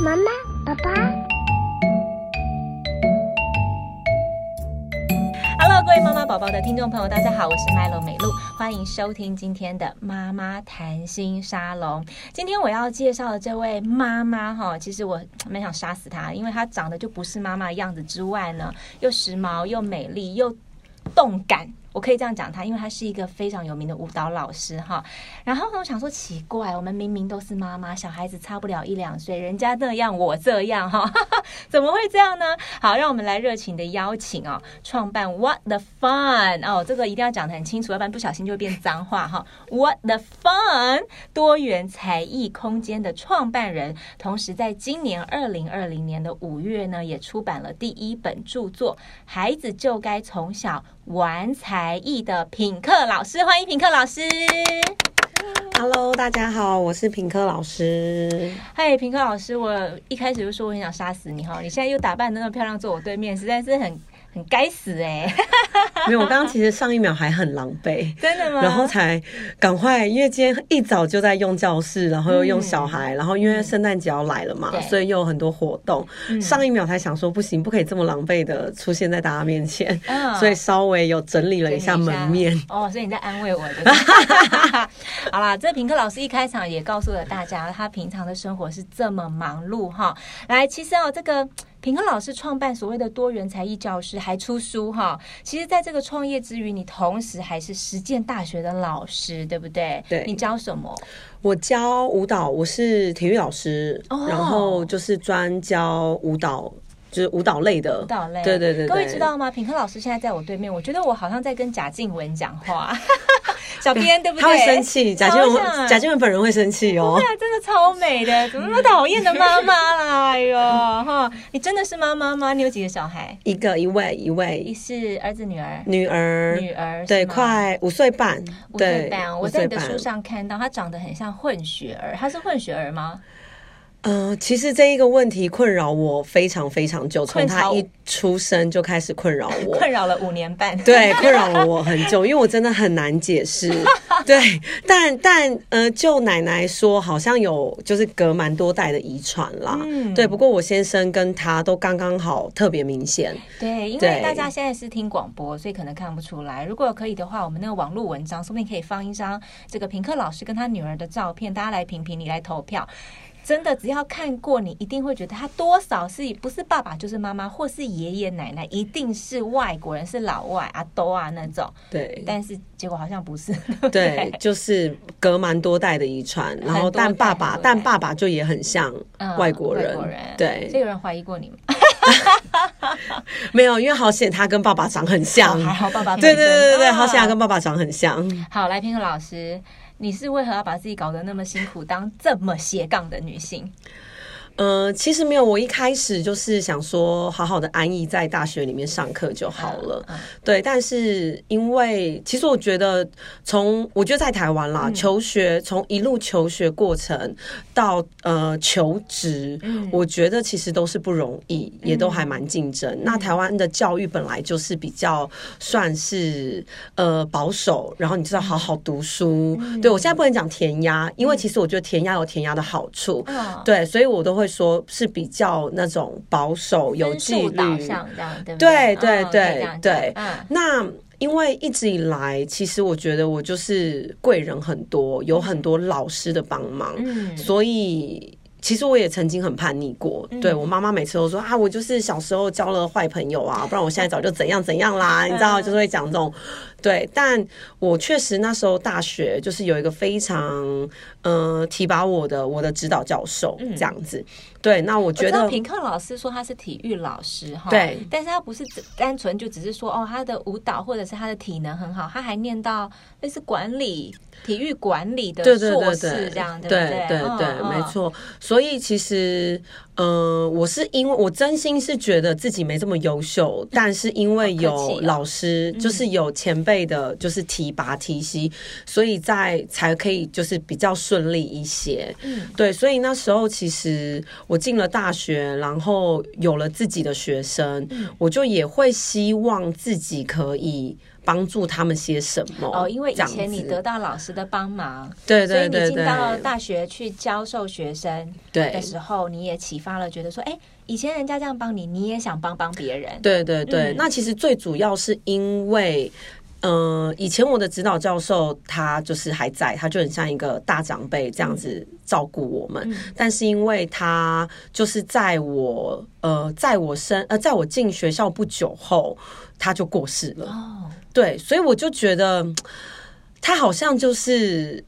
媽媽，寶寶。Hello，各位媽媽寶寶的聽眾朋友，大家好，我是 Melo 美露，歡迎收聽今天的媽媽談心沙龍。今天我要介紹的這位媽媽哈，其實我蠻想殺死她，因為她長得就不是媽媽的樣子，之外呢，又時髦又美麗又動感。我可以這樣講他，因為他是一個非常有名的舞蹈老師哈。然後呢，我想說奇怪，我們明明都是媽媽，小孩子差不了一兩歲，人家那樣，我這樣哈哈，怎麼會這樣呢？好，讓我們來熱情的邀請哦，創辦 What the Fun 哦，這個一定要講得很清楚，要不然不小心就會變髒話哈。What the Fun 多元才藝空間的創辦人，同時在今年二零二零年的五月呢，也出版了第一本著作《孩子就該從小》。玩才藝的品客老師，歡迎品客老師。Hello，大家好，我是品客老師。嘿，hey, 品客老師，我一開始就說我很想殺死你哈，你現在又打扮得那麼漂亮，坐我對面，實在是很。該死哎、欸！沒有，我剛剛其實上一秒還很狼狽，真的嗎？然後才趕快，因為今天一早就在用教室，然後又用小孩，嗯、然後因為聖誕節要來了嘛，嗯、所以又有很多活動。對上一秒才想說不行，不可以這麼狼狽的出現在大家面前，嗯、所以稍微有整理了一下門面。哦，所以你在安慰我的。就是、 好啦，這個、品客老師一開場也告訴了大家，他平常的生活是這麼忙碌哈。來，其實哦，這個。你和老師創辦所謂的多元才藝教室，還出書哈。其實，在這個創業之餘，你同時還是實踐大學的老師，對不對？對，你教什麼？我教舞蹈，我是體育老師，oh. 然後就是專教舞蹈。就是舞蹈類的，舞蹈類，對對對。各位知道嗎？品客老師現在在我對面，我覺得我好像在跟賈靜雯講話。小編對不對？他會生氣，賈靜雯，賈靜雯本人會生氣哦。對啊，真的超美的，怎麼那麼討厭的媽媽啦？哎呦哈，你真的是媽媽嗎？你有幾個小孩？一個，一位，一位。是兒子女兒？女兒，女兒。對，快五歲半，五歲半。我在你的書上看到，她長得很像混血兒。她是混血兒嗎？嗯、呃，其實這一個問題困擾我非常非常久，從他一出生就開始困擾我，困擾了五年半。對，困擾了我很久， 因為我真的很難解釋。對，但但呃，就奶奶說，好像有就是隔蠻多代的遺傳啦。嗯，對。不過我先生跟他都剛剛好特別，特別明顯。對，因為大家現在是聽廣播，所以可能看不出來。 對如果可以的話，我們那個網絡文章順便可以放一張這個品客老師跟他女兒的照片，大家來評評，你來投票。真的，只要看過你，一定會覺得他多少是不是爸爸，就是媽媽，或是爺爺奶奶，一定是外國人，是老外啊，阿兜啊那種。對，但是結果好像不是。對，對就是隔蠻多代的遺傳，然後但爸爸但爸爸就也很像外國人，嗯、外國人，對這個有人懷疑過你嗎？ 沒有，因為好險他跟爸爸長很像，還好爸爸。對對對對，好險他跟爸爸長很像。好，來品客老師。你是為何要把自己搞得那麼辛苦，當這麼斜槓的女性？嗯、呃，其實沒有，我一開始就是想說，好好的安逸在大學裡面上課就好了。啊啊、對，但是因為其實我覺得從，從我覺得在台灣啦、嗯、求學，從一路求學過程到呃求職，嗯、我覺得其實都是不容易，也都還蠻競爭。嗯、那台灣的教育本來就是比較算是呃保守，然後你知道好好讀書。嗯、對我現在不能講填鴨，因為其實我覺得填鴨有填鴨的好處。哦、對，所以我都會。說是比較那種保守、有紀律、對對，對對對、oh, okay, 對。啊、那因為一直以來，其實我覺得我就是貴人很多，嗯、有很多老師的幫忙。嗯、所以其實我也曾經很叛逆過。嗯、對，我媽媽每次都說啊，我就是小時候交了壞朋友啊，不然我現在早就怎樣怎樣啦。嗯、你知道，就是會講這種。嗯對，但我確實那時候大學就是有一個非常嗯、呃、提拔我的我的指導教授、嗯、這樣子。對，那我覺得品客老師說他是體育老師哈，對、哦，但是他不是單純就只是說哦他的舞蹈或者是他的體能很好，他還念到那是管理體育管理的碩士這樣，對對，對對？對對，哦、沒錯。所以其實，呃，我是因為我真心是覺得自己沒這麼優秀，但是因為有、哦、老師，就是有前、嗯。被的就是提拔提攜，所以在才可以就是比較順利一些。嗯，對，所以那時候其實我進了大學，然後有了自己的學生，嗯、我就也會希望自己可以幫助他們些什麼。哦，因為以前你得到老師的幫忙，對，對對對，所以你進到大學去教授學生，對，的時候，你也啟發了，覺得說，哎，以前人家這樣幫你，你也想幫幫別人。對對對，嗯、那其實最主要是因為。嗯、呃，以前我的指導教授他就是還在，他就很像一個大長輩這樣子照顧我們。嗯嗯、但是因為他就是在我呃，在我生呃，在我進學校不久後，他就過世了。哦，對，所以我就覺得他好像就是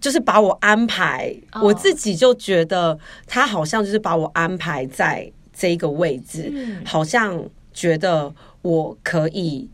就是把我安排，哦、我自己就覺得他好像就是把我安排在這個位置，嗯、好像覺得我可以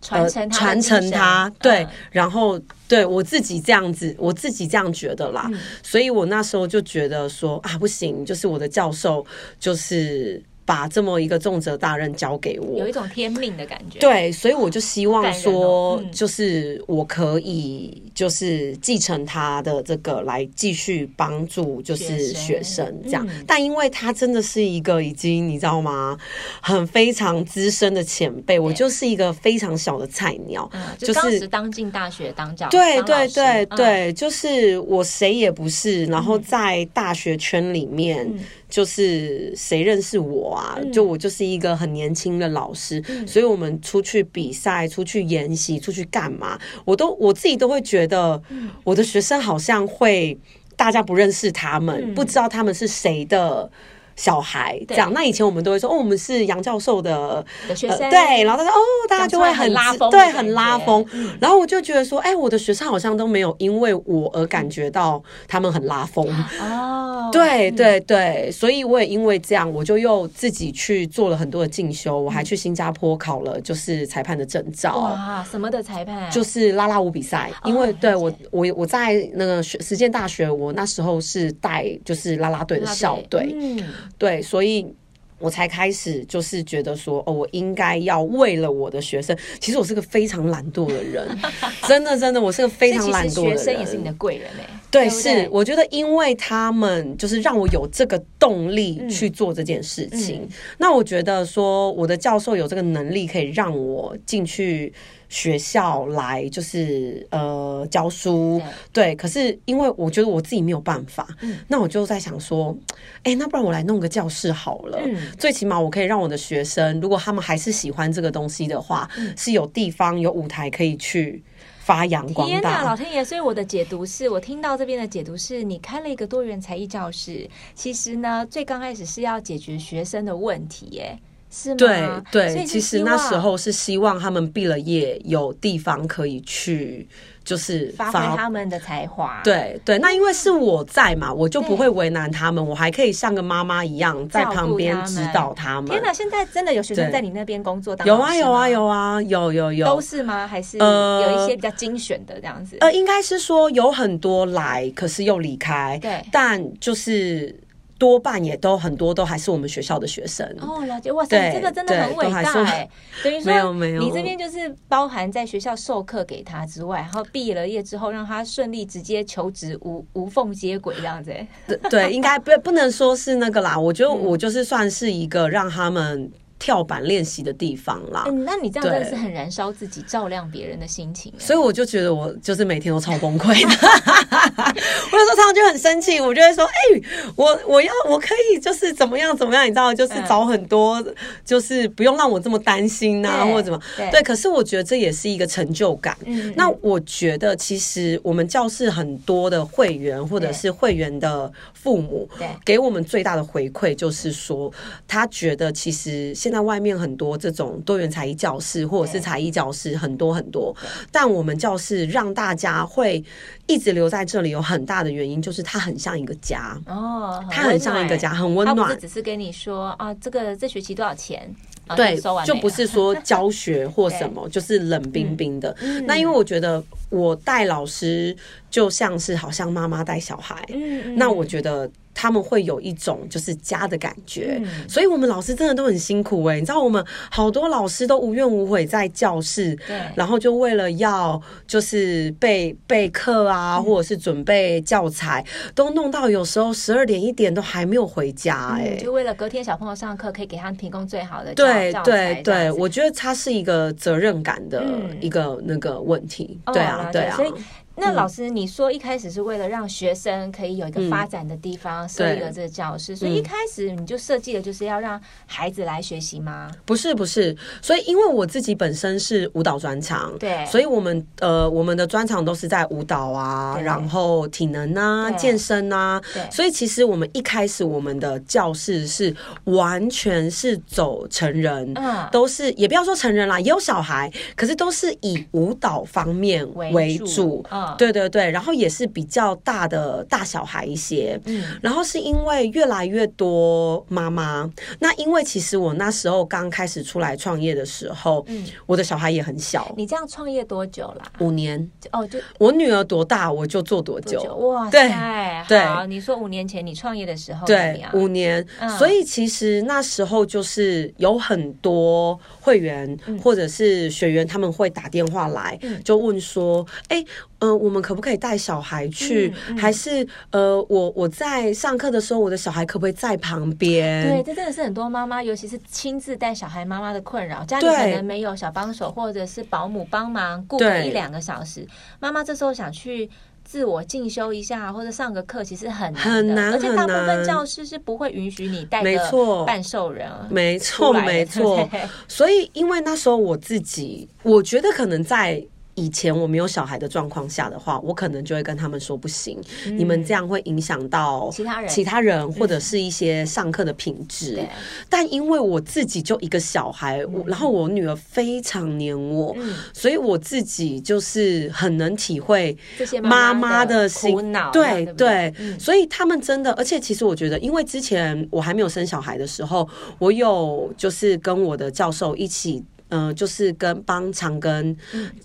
傳承他，呃、傳承它，呃、對，然後對我自己這樣子，我自己這樣覺得啦，嗯、所以我那時候就覺得說啊，不行，就是我的教授就是。把這麼一個重責大任交給我，有一種天命的感覺。對，所以我就希望說，就是我可以，就是繼承他的這個，來繼續幫助，就是學生這樣。嗯、但因為他真的是一個已經，你知道嗎？很非常資深的前輩，對我就是一個非常小的菜鳥，嗯、就是當進大學當教，對對對對，就是我誰也不是。然後在大學圈裡面。嗯就是誰認識我啊？嗯、就我就是一個很年輕的老師，嗯、所以我們出去比賽、出去研習、出去幹嘛，我都我自己都會覺得，我的學生好像會大家不認識他們，嗯、不知道他們是誰的。小孩，這樣。那以前我們都會說，哦，我們是楊教授的學生。對，然後他說，哦，大家就會很拉風。對，很拉風。然後我就覺得說，哎，我的學生好像都沒有因為我而感覺到他們很拉風。哦，對對對，所以我也因為這樣，我就又自己去做了很多的進修，我還去新加坡考了就是裁判的證照。哇，什麼的裁判？就是啦啦舞比賽，因為對我我我在那個實踐大學，我那時候是帶就是啦啦隊的校隊。嗯。對，所以我才開始就是覺得說，哦，我應該要為了我的學生。其實我是個非常懶惰的人，真的，真的，我是個非常懶惰的人。學生也是你的貴人、欸、對不對？對，是，我覺得因為他們就是讓我有這個動力去做這件事情。嗯嗯、那我覺得說，我的教授有這個能力，可以讓我進去。學校來就是呃教書對，對，可是因為我覺得我自己沒有辦法，嗯、那我就在想說，哎、欸，那不然我來弄個教室好了，嗯、最起碼我可以讓我的學生，如果他們還是喜歡這個東西的話，嗯、是有地方有舞台可以去發揚光大。天哪！老天爺，所以我的解讀是，我聽到這邊的解讀是，你開了一個多元才藝教室，其實呢，最剛開始是要解決學生的問題耶。是嗎？對對，對，其實那時候是希望他們畢了業有地方可以去，就是發揮他們的才華。對對，那因為是我在嘛，我就不會為難他們，對，我還可以像個媽媽一樣在旁邊指導他們。們，天哪，現在真的有學生在你那邊工作？有啊，有啊，有啊，有有有，都是嗎？還是有一些比較精選的這樣子？呃，呃，應該是說有很多來，可是又離開。對，但就是。多半也都很多都還是我們學校的學生哦。了解。哇塞，這個對真，真的很偉大、欸、對等於說沒，沒有沒有，你這邊就是包含在學校授課給他之外，然後畢了業之後，讓他順利直接求職無無縫接軌這樣子、欸。對， 對，應該不不能說是那個啦，我覺得我就是算是一個讓他們。跳板練習的地方啦，欸，那你這樣真的是很燃燒自己，對照亮別人的心情。所以我就覺得我就是每天都超崩潰的， 我有時候常常就很生氣，我就會說：“哎，欸，我我要我可以就是怎麼樣怎麼樣，你知道，就是找很多，嗯、就是不用讓我這麼擔心吶，啊，嗯、或者怎麼？對，對對，可是我覺得這也是一個成就感。嗯嗯，那我覺得其實我們教室很多的會員或者是會員的父母，給我們最大的回饋就是說，他覺得其實現。那外面很多這種多元才藝教室或者是才藝教室很多很多，但我們教室讓大家會一直留在這裡，有很大的原因就是它很像一個家哦，它很像一個家，很溫暖。只是跟你說啊，這個這學期多少錢？對，就不是說教學或什麼，就是冷冰冰的。那因為我覺得我帶老師就像是好像媽媽帶小孩，那我覺得。他們會有一種就是家的感覺，嗯、所以我們老師真的都很辛苦哎、欸。你知道，我們好多老師都無怨無悔在教室，對，然後就為了要就是備備課啊，嗯、或者是準備教材，都弄到有時候十二點一點都還沒有回家哎、欸。就為了隔天小朋友上課可以給他們提供最好的教，對教材，對對對，我覺得它是一個責任感的一個那個問題，對啊、嗯、對啊。哦那老師，你說一開始是為了讓學生可以有一個發展的地方，設立了這個教室，對所以一開始你就設計的就是要讓孩子來學習嗎？不是，不是。所以因為我自己本身是舞蹈專長，對，所以我們呃，我們的專長都是在舞蹈啊，對然後體能啊、對健身啊，對所以其實我們一開始我們的教室是完全是走成人，嗯，都是也不要說成人啦，也有小孩，可是都是以舞蹈方面為主。嗯對對對，然後也是比較大的大小孩一些，嗯，然後是因為越來越多媽媽，那因為其實我那時候剛開始出來創業的時候，嗯，我的小孩也很小，你這樣創業多久了？五年哦，就我女兒多大，我就做多久？哇，對，好，你說五年前你創業的時候，對，五年，所以其實那時候就是有很多會員或者是學員他們會打電話來，就問說，哎。嗯、呃，我們可不可以帶小孩去？嗯嗯、還是呃，我我在上課的時候，我的小孩可不可以在旁邊？對，這真的是很多媽媽，尤其是親自帶小孩媽媽的困擾。家裡可能沒有小幫手，或者是保姆幫忙顧一兩個小時，媽媽對這時候想去自我進修一下或者上個課，其實很難的，很難很難，而且大部分教室是不會允許你帶個半獸錯人，啊。沒錯錯，對對沒錯。所以，因為那時候我自己，我覺得可能在。以前我沒有小孩的狀況下的話，我可能就會跟他們說不行，嗯、你們這樣會影響到其他人、其他人或者是一些上課的品質。嗯、但因為我自己就一個小孩，嗯、然後我女兒非常黏我，嗯、所以我自己就是很能體會媽媽的心。對對，嗯、所以他們真的，而且其實我覺得，因為之前我還沒有生小孩的時候，我有就是跟我的教授一起。嗯，呃、就是跟幫長庚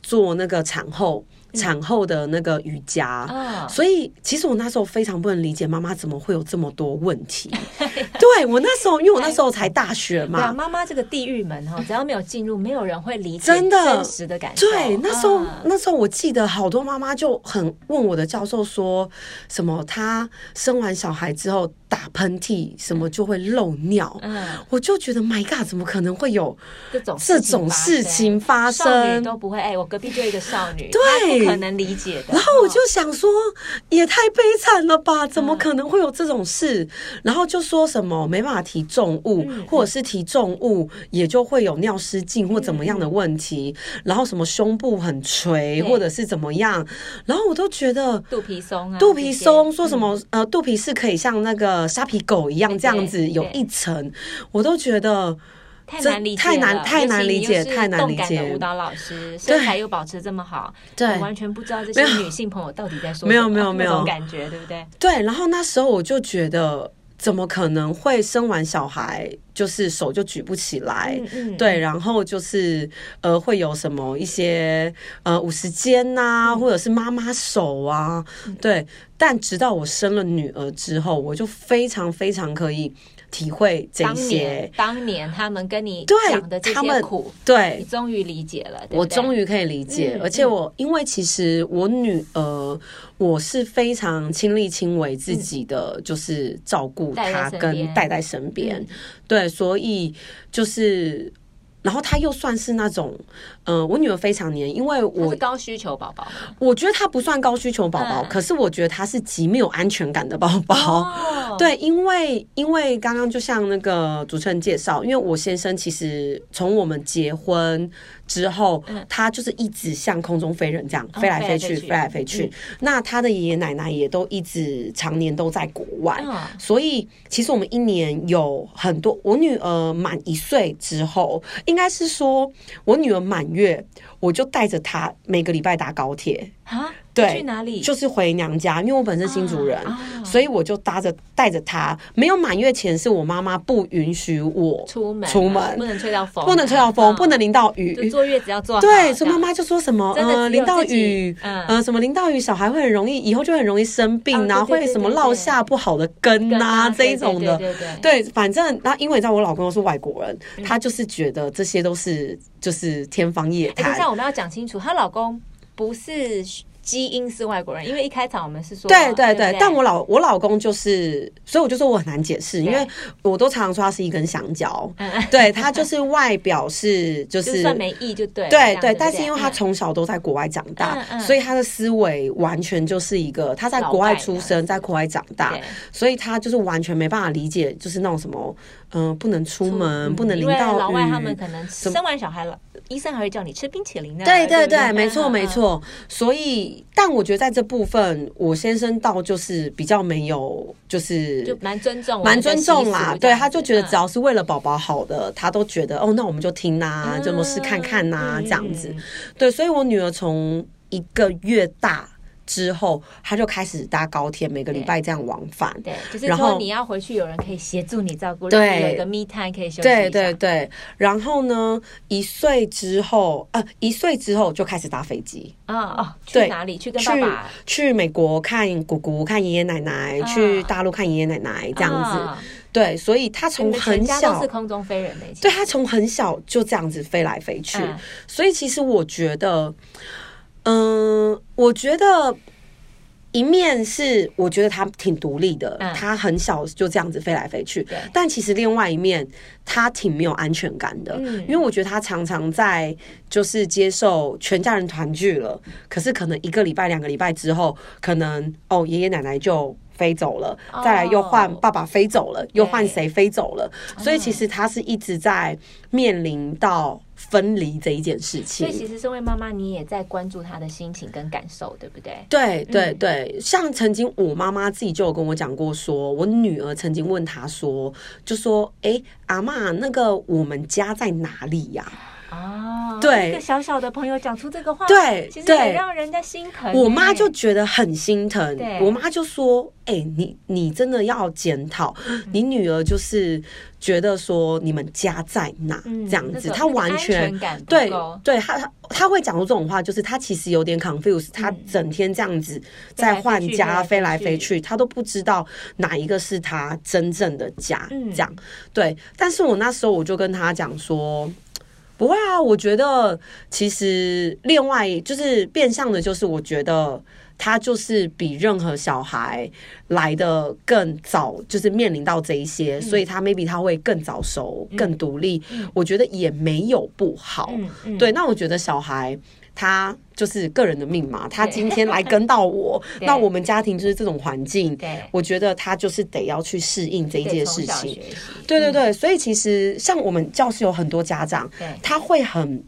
做那個產後產後的那個瑜伽，所以其實我那時候非常不能理解媽媽怎麼會有這麼多問題。對我那時候，因為我那時候才大學嘛，媽媽這個地獄門哈，只要沒有進入，沒有人會理解真實的感受。對，那時候那時候我記得好多媽媽就很問我的教授說什麼，她生完小孩之後。打噴嚏什麼就會漏尿。嗯，我就覺得 My God，怎麼可能會有這種這種事情發生？都不會哎，我隔壁就一個少女，對，不可能理解的。然後我就想說，也太悲慘了吧？怎麼可能會有這種事？然後就說什麼沒辦法提重物，或者是提重物也就會有尿失禁或怎麼樣的問題。然後什麼胸部很垂或者是怎麼樣，然後我都覺得肚皮鬆啊，肚皮鬆說什麼呃，肚皮是可以像那個。呃，沙皮狗一樣這樣子，有一層，對對對，我都覺得這太難理解，太難太難理解，太難理解。動感的舞蹈老師，對，身材又保持這麼好，對，完全不知道這些女性朋友到底在說什麼，啊、沒有沒有沒有感覺，對不對？對。然後那時候我就覺得。怎麼可能會生完小孩就是手就舉不起來？嗯嗯、對，然後就是呃，會有什麼一些呃五十肩吶，或者是媽媽手啊？對。嗯、但直到我生了女兒之後，我就非常非常可以。體會這些當，當年他們跟你講的這些苦，對，他們對你終於理解了。對對，我終於可以理解，嗯、而且我、嗯、因為其實我女，呃，我是非常親力親為自己的，嗯、就是照顧她跟帶帶帶在身邊，嗯、對，所以就是，然後她又算是那種。嗯、呃，我女兒非常黏，因為我是高需求寶寶，我覺得她不算高需求寶寶，嗯、可是我覺得她是極沒有安全感的寶寶。哦、對，因為因為剛剛就像那個主持人介紹，因為我先生其實從我們結婚之後，嗯、他就是一直像空中飛人這樣、嗯、飛來飛去，飛來飛去。嗯、那他的爺爺奶奶也都一直常年都在國外，嗯、所以其實我們一年有很多。我女兒滿一歲之後，應該是說我女兒滿。月我就帶着他每個禮拜搭高鐵啊。 去哪裡？就是回娘家，因為我本身新竹人，所以我就搭着帶着他。沒有滿月前，是我媽媽不允許我出門，出門不能吹到風，不能吹到風，不能淋到雨。坐月子要坐，對，所以媽媽就說什麼嗯，淋到雨，呃什麼淋到雨，小孩會很容易以後就很容易生病啊，會什麼落下不好的根啊這一種的，對，反正那因為你知道我老公是外國人，他就是覺得這些都是就是天方夜譚。但我們要講清楚，她老公不是。基因是外國人，因為一開場我們是說，對對對，對對但我老我老公就是，所以我就說我很難解釋，對因為我都常常說他是一根香蕉，嗯、對他就是外表是就是就算沒意就對，對對，對但是因為他從小都在國外長大，嗯、所以他的思維完全就是一個他在國外出生，在國外長大，對所以他就是完全沒辦法理解，就是那種什麼。嗯，不能出門，不能淋到雨。因為老外他們可能生完小孩了，醫生還會叫你吃冰淇淋呢。對對對，沒錯沒錯。所以，但我覺得在這部分，我先生倒就是比較沒有，就是就蠻尊重，蠻尊重啦。對，他就覺得只要是為了寶寶好的，他都覺得哦，那我們就聽吶，就試看看吶，這樣子。對，所以我女兒從一個月大。之後，他就開始搭高鐵，每個禮拜這樣往返。對，就是說你要回去，有人可以協助你照顧，後對，有個 me time 可以休息對。對對對。然後呢，一歲之後，呃，一歲之後就開始搭飛機啊、哦，去哪裡？對去，去跟爸，爸去，去美國看姑姑，看爺爺奶奶；哦、去大陸看爺爺奶奶，這樣子。哦、對，所以他從很小對，他從很小就這樣子飛來飛去。嗯、所以其實我覺得。嗯，我覺得一面是我覺得他挺獨立的，嗯、他很小就這樣子飛來飛去。對但其實另外一面，他挺沒有安全感的，嗯、因為我覺得他常常在就是接受全家人團聚了，可是可能一個禮拜、兩個禮拜之後，可能哦爺爺奶奶就。飛走了，再來又換爸爸飛走了，oh, 又換誰飛走了？對所以其實他是一直在面臨到分離這一件事情。所以其實身為媽媽，你也在關注他的心情跟感受，對不對？對對對，嗯、像曾經我媽媽自己就有跟我講過說，說我女兒曾經問他說，就說：“哎、欸，阿嬤，那個我們家在哪裡呀，啊？”哦，對，一個小小的朋友講出這個話，對，其實也讓人家心疼。我媽就覺得很心疼，我媽就說：“哎，你你真的要檢討，你女兒就是覺得說你們家在哪這樣子，她完全對對，她她會講出這種話，就是她其實有點 confused，她整天這樣子在換家飛來飛去，她都不知道哪一個是她真正的家這樣。對，但是我那時候我就跟她講說。”不會啊，我覺得其實另外就是變相的，就是我覺得他就是比任何小孩來得更早，就是面臨到這一些，嗯、所以他 maybe 他會更早熟，嗯、更獨立。嗯、我覺得也沒有不好，嗯、對。嗯、那我覺得小孩。他就是個人的命嘛，他今天來跟到我，對 那我們家庭就是這種環境，對 我覺得他就是得要去適應這一件事情。對對對，所以其實像我們教室有很多家長，對 他會很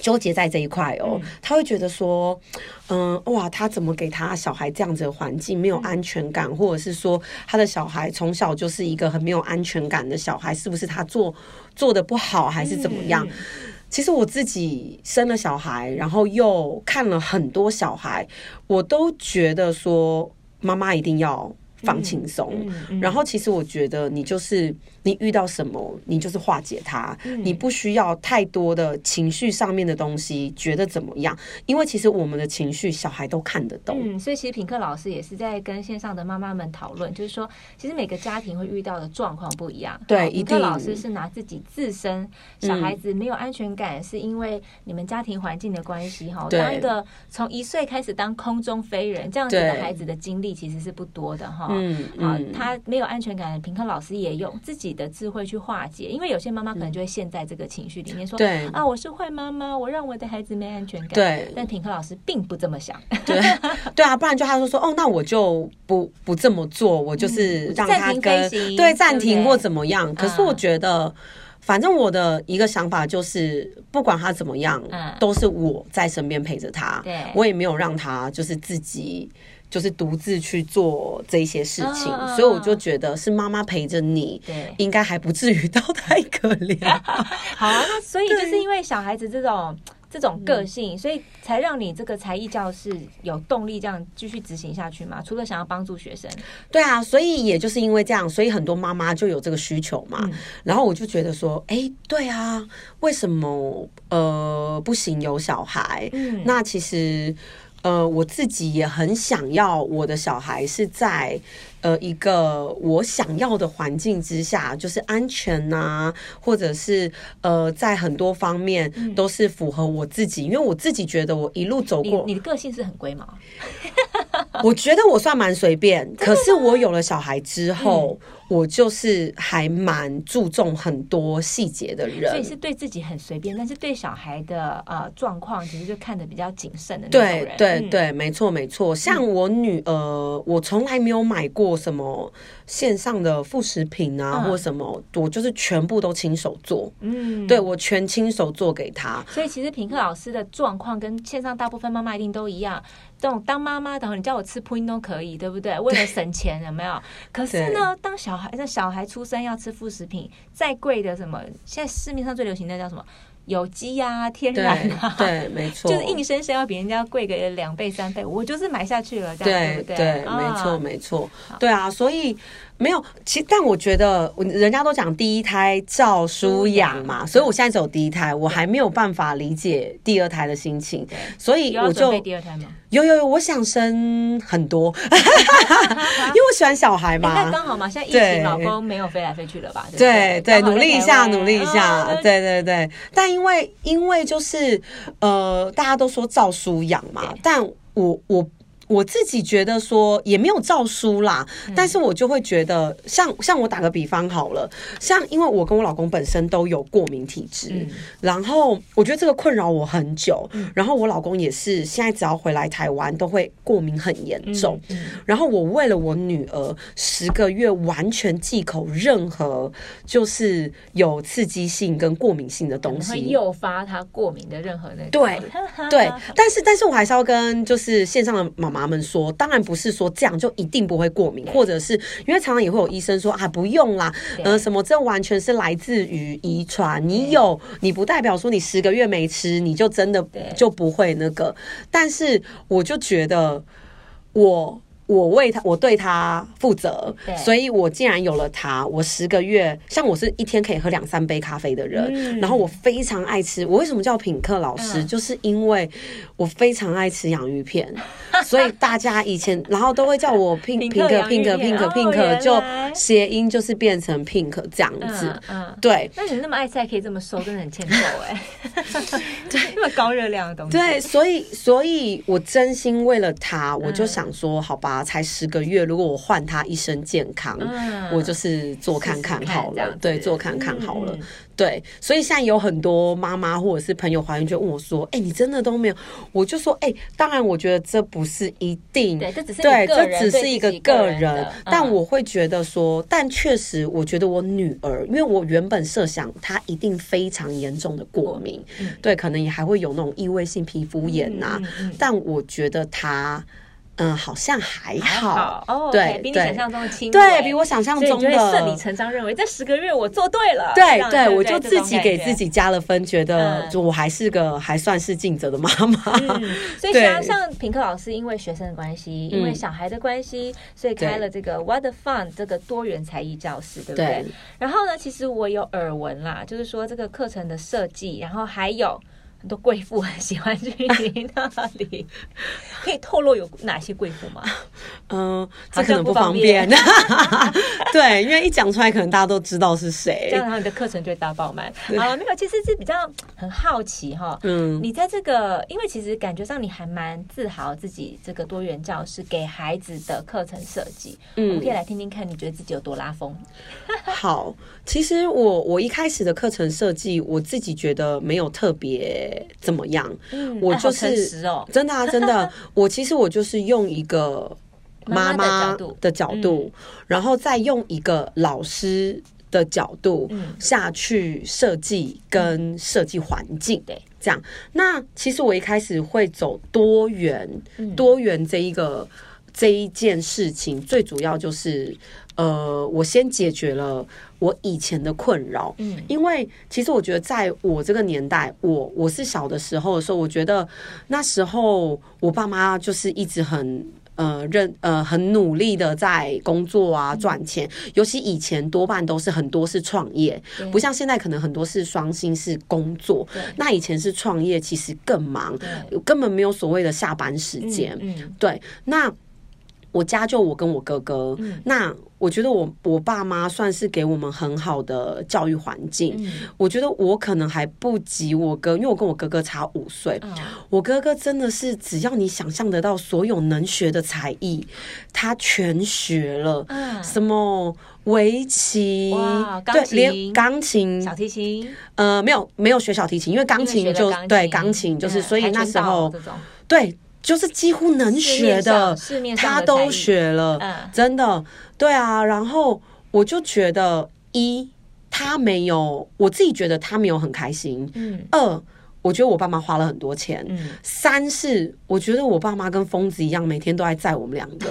糾結在這一塊哦，對 他會覺得說，嗯，哇，他怎麼給他小孩這樣子的環境，沒有安全感，嗯、或者是說他的小孩從小就是一個很沒有安全感的小孩，是不是他做做的不好還是怎麼樣？嗯其實我自己生了小孩，然後又看了很多小孩，我都覺得說媽媽一定要放輕鬆。嗯嗯嗯、然後其實我覺得你就是。.你遇到什麼，你就是化解它。嗯、你不需要太多的情緒上面的東西，覺得怎麼樣？因為其實我們的情緒，小孩都看得懂。嗯，所以其實品客老師也是在跟線上的媽媽們討論，就是說，其實每個家庭會遇到的狀況不一樣。對，品客老師是拿自己自身，定小孩子沒有安全感，是因為你們家庭環境的關係哈。對、嗯。當一個從一歲開始當空中飛人對這樣子的孩子的經歷，其實是不多的哈。嗯啊，好嗯，他沒有安全感，品客老師也有自己的智慧去化解，因為有些媽媽可能就會陷在這個情緒裡面，說：“嗯、對啊，我是壞媽媽，我讓我的孩子沒安全感。”對，但品客老師並不這麼想， 對對啊，不然就他就說：“哦，那我就不不這麼做，我就是讓他跟對、嗯、暫停或怎麼樣。”可是我覺得，嗯、反正我的一個想法就是，不管他怎麼樣，嗯、都是我在身邊陪着他，對，我也沒有讓他就是自己。就是獨自去做這些事情，啊、所以我就覺得是媽媽陪着你，對，應該還不至於到太可憐。 好、啊，那所以就是因為小孩子這種對這種個性，所以才讓你這個才藝教室有動力這樣繼續執行下去嘛？除了想要幫助學生，對啊，所以也就是因為這樣，所以很多媽媽就有這個需求嘛。嗯、然後我就覺得說，哎、欸，對啊，為什麼呃不行有小孩？嗯、那其實。呃，我自己也很想要我的小孩是在，呃，一個我想要的環境之下，就是安全吶、啊，或者是呃，在很多方面都是符合我自己，嗯、因為我自己覺得我一路走過，你，你的個性是很龜毛， 我覺得我算蠻隨便，可是我有了小孩之後，嗯、我就是還蠻注重很多細節的人，所以是對自己很隨便，但是對小孩的呃狀況其實就看得比較謹慎的那種人對。對對、嗯、對，沒錯沒錯，像我女呃，我從來沒有買過。什麼線上的副食品啊，嗯、或者什麼，我就是全部都親手做。嗯，對我全親手做給他。所以其實品客老師的狀況跟線上大部分媽媽一定都一樣。這種當媽媽的，你叫我吃鋪印都可以，對不對？為了省錢對有沒有？可是呢，對當小孩那小孩出生要吃副食品，再貴的什麼，現在市面上最流行的叫什麼？有機呀、啊，天然、啊對，對，沒錯，就是硬生生要比人家貴個兩倍三倍，我就是買下去了，這樣對，沒錯，啊、沒錯，對啊，所以。沒有，其實但我覺得人家都講第一胎照書養嘛，所以我現在只有第一胎，我還沒有辦法理解第二胎的心情，所以我就第二胎嗎？有有有，我想生很多，因為我喜歡小孩嘛，那剛好嘛，現在疫情老公沒有飛來飛去了吧？對對，努力一下，努力一下，對對對。但因為因為就是呃，大家都說照書養嘛，但我我。我自己覺得說也沒有照書啦，嗯、但是我就會覺得像像我打個比方好了，像因為我跟我老公本身都有過敏體質，嗯、然後我覺得這個困擾我很久，嗯、然後我老公也是現在只要回來台灣都會過敏很嚴重，嗯、然後我為了我女兒十個月完全忌口任何就是有刺激性跟過敏性的東西，誘發他過敏的任何那種對對，對 但是但是我還是要跟就是線上的媽媽。媽們說，當然不是說這樣就一定不會過敏，或者是因為常常也會有醫生說啊，不用啦，呃，什麼，這完全是來自於遺傳，你有你不代表說你十個月沒吃，你就真的就不會那個。但是我就覺得我。我為他，我對他負責，所以，我既然有了他，我十個月，像我是一天可以喝兩三杯咖啡的人，然後我非常愛吃。我為什麼叫品客老師？就是因為我非常愛吃洋芋片，所以大家以前然後都會叫我 Pink Pink Pink Pink 就諧音就是變成 pink 這樣子。對。那你那麼愛吃，還可以這麼瘦，真的很欠揍哎！對，那麼高熱量的東西。對，所以，所以我真心為了他，我就想說，好吧。才十個月，如果我換他一身健康，嗯、我就是做看看好了。試試。對，做看看好了。嗯、對，所以現在有很多媽媽或者是朋友懷孕就問我說：“哎、欸，你真的都沒有？”我就說：“哎、欸，當然，我覺得這不是一定，對，對，對，這只是一個個人。個人。嗯、但我會覺得說，但確實，我覺得我女兒，因為我原本設想她一定非常嚴重的過敏，嗯、對，可能也還會有那種異位性皮膚炎，呐、啊。嗯嗯嗯、但我覺得她。”嗯，好像還好，對，比你想象中的輕，對比我想象中的，所以就會順理成章認為這十個月我做對了，對，對我就自己給自己加了分，覺得就我還是個還算是盡責的媽媽。所以像像品客老師，因為學生的關係，因為小孩的關係，所以開了這個 What the Fun 這個多元才藝教室，對不對？然後呢，其實我有耳聞啦，就是說這個課程的設計，然後還有。都貴婦很多貴婦喜歡去那裡，啊、可以透露有哪些貴婦嗎？嗯、啊，這可能不方便。 對，因為一講出來，可能大家都知道是誰，這樣他你的課程就會大爆滿。好了對、啊，沒有，其實是比較很好奇哈。嗯，你在這個，因為其實感覺上你還蠻自豪自己這個多元教室給孩子的課程設計。嗯，我們可以來聽聽看，你覺得自己有多拉風？好。其實我我一開始的課程設計，我自己覺得沒有特別怎麼樣。嗯、我就是，欸哦、真的啊，真的。 我其實我就是用一個媽媽的角度，然後再用一個老師的角度，嗯、下去設計跟設計環境。哎、嗯，這樣。那其實我一開始會走多元，嗯、多元這一個這一件事情，最主要就是呃，我先解決了。我以前的困擾，嗯，因為其實我覺得，在我這個年代，我我是小的時候，的時候，所以我覺得那時候我爸媽就是一直很呃認呃很努力的在工作啊、嗯、賺錢，尤其以前多半都是很多是創業，嗯、不像現在可能很多是雙薪是工作。對那以前是創業，其實更忙，對根本沒有所謂的下班時間。嗯，嗯，對，那。我家就我跟我哥哥，嗯、那我覺得我我爸媽算是給我們很好的教育環境。嗯、我覺得我可能還不及我哥，因為我跟我哥哥差五歲。嗯、我哥哥真的是只要你想象得到，所有能學的才藝，他全學了。什麼圍棋、嗯、對，連鋼琴、鋼琴、小提琴，呃，沒有沒有學小提琴，因為鋼琴就琴對鋼琴就是，嗯、所以那時候對。就是幾乎能學的，他都學了，嗯、真的，對啊。然後我就覺得，一，他沒有，我自己覺得他沒有很開心。嗯、二，我覺得我爸媽花了很多錢。嗯、三是，我覺得我爸媽跟瘋子一樣，每天都來載我們兩個，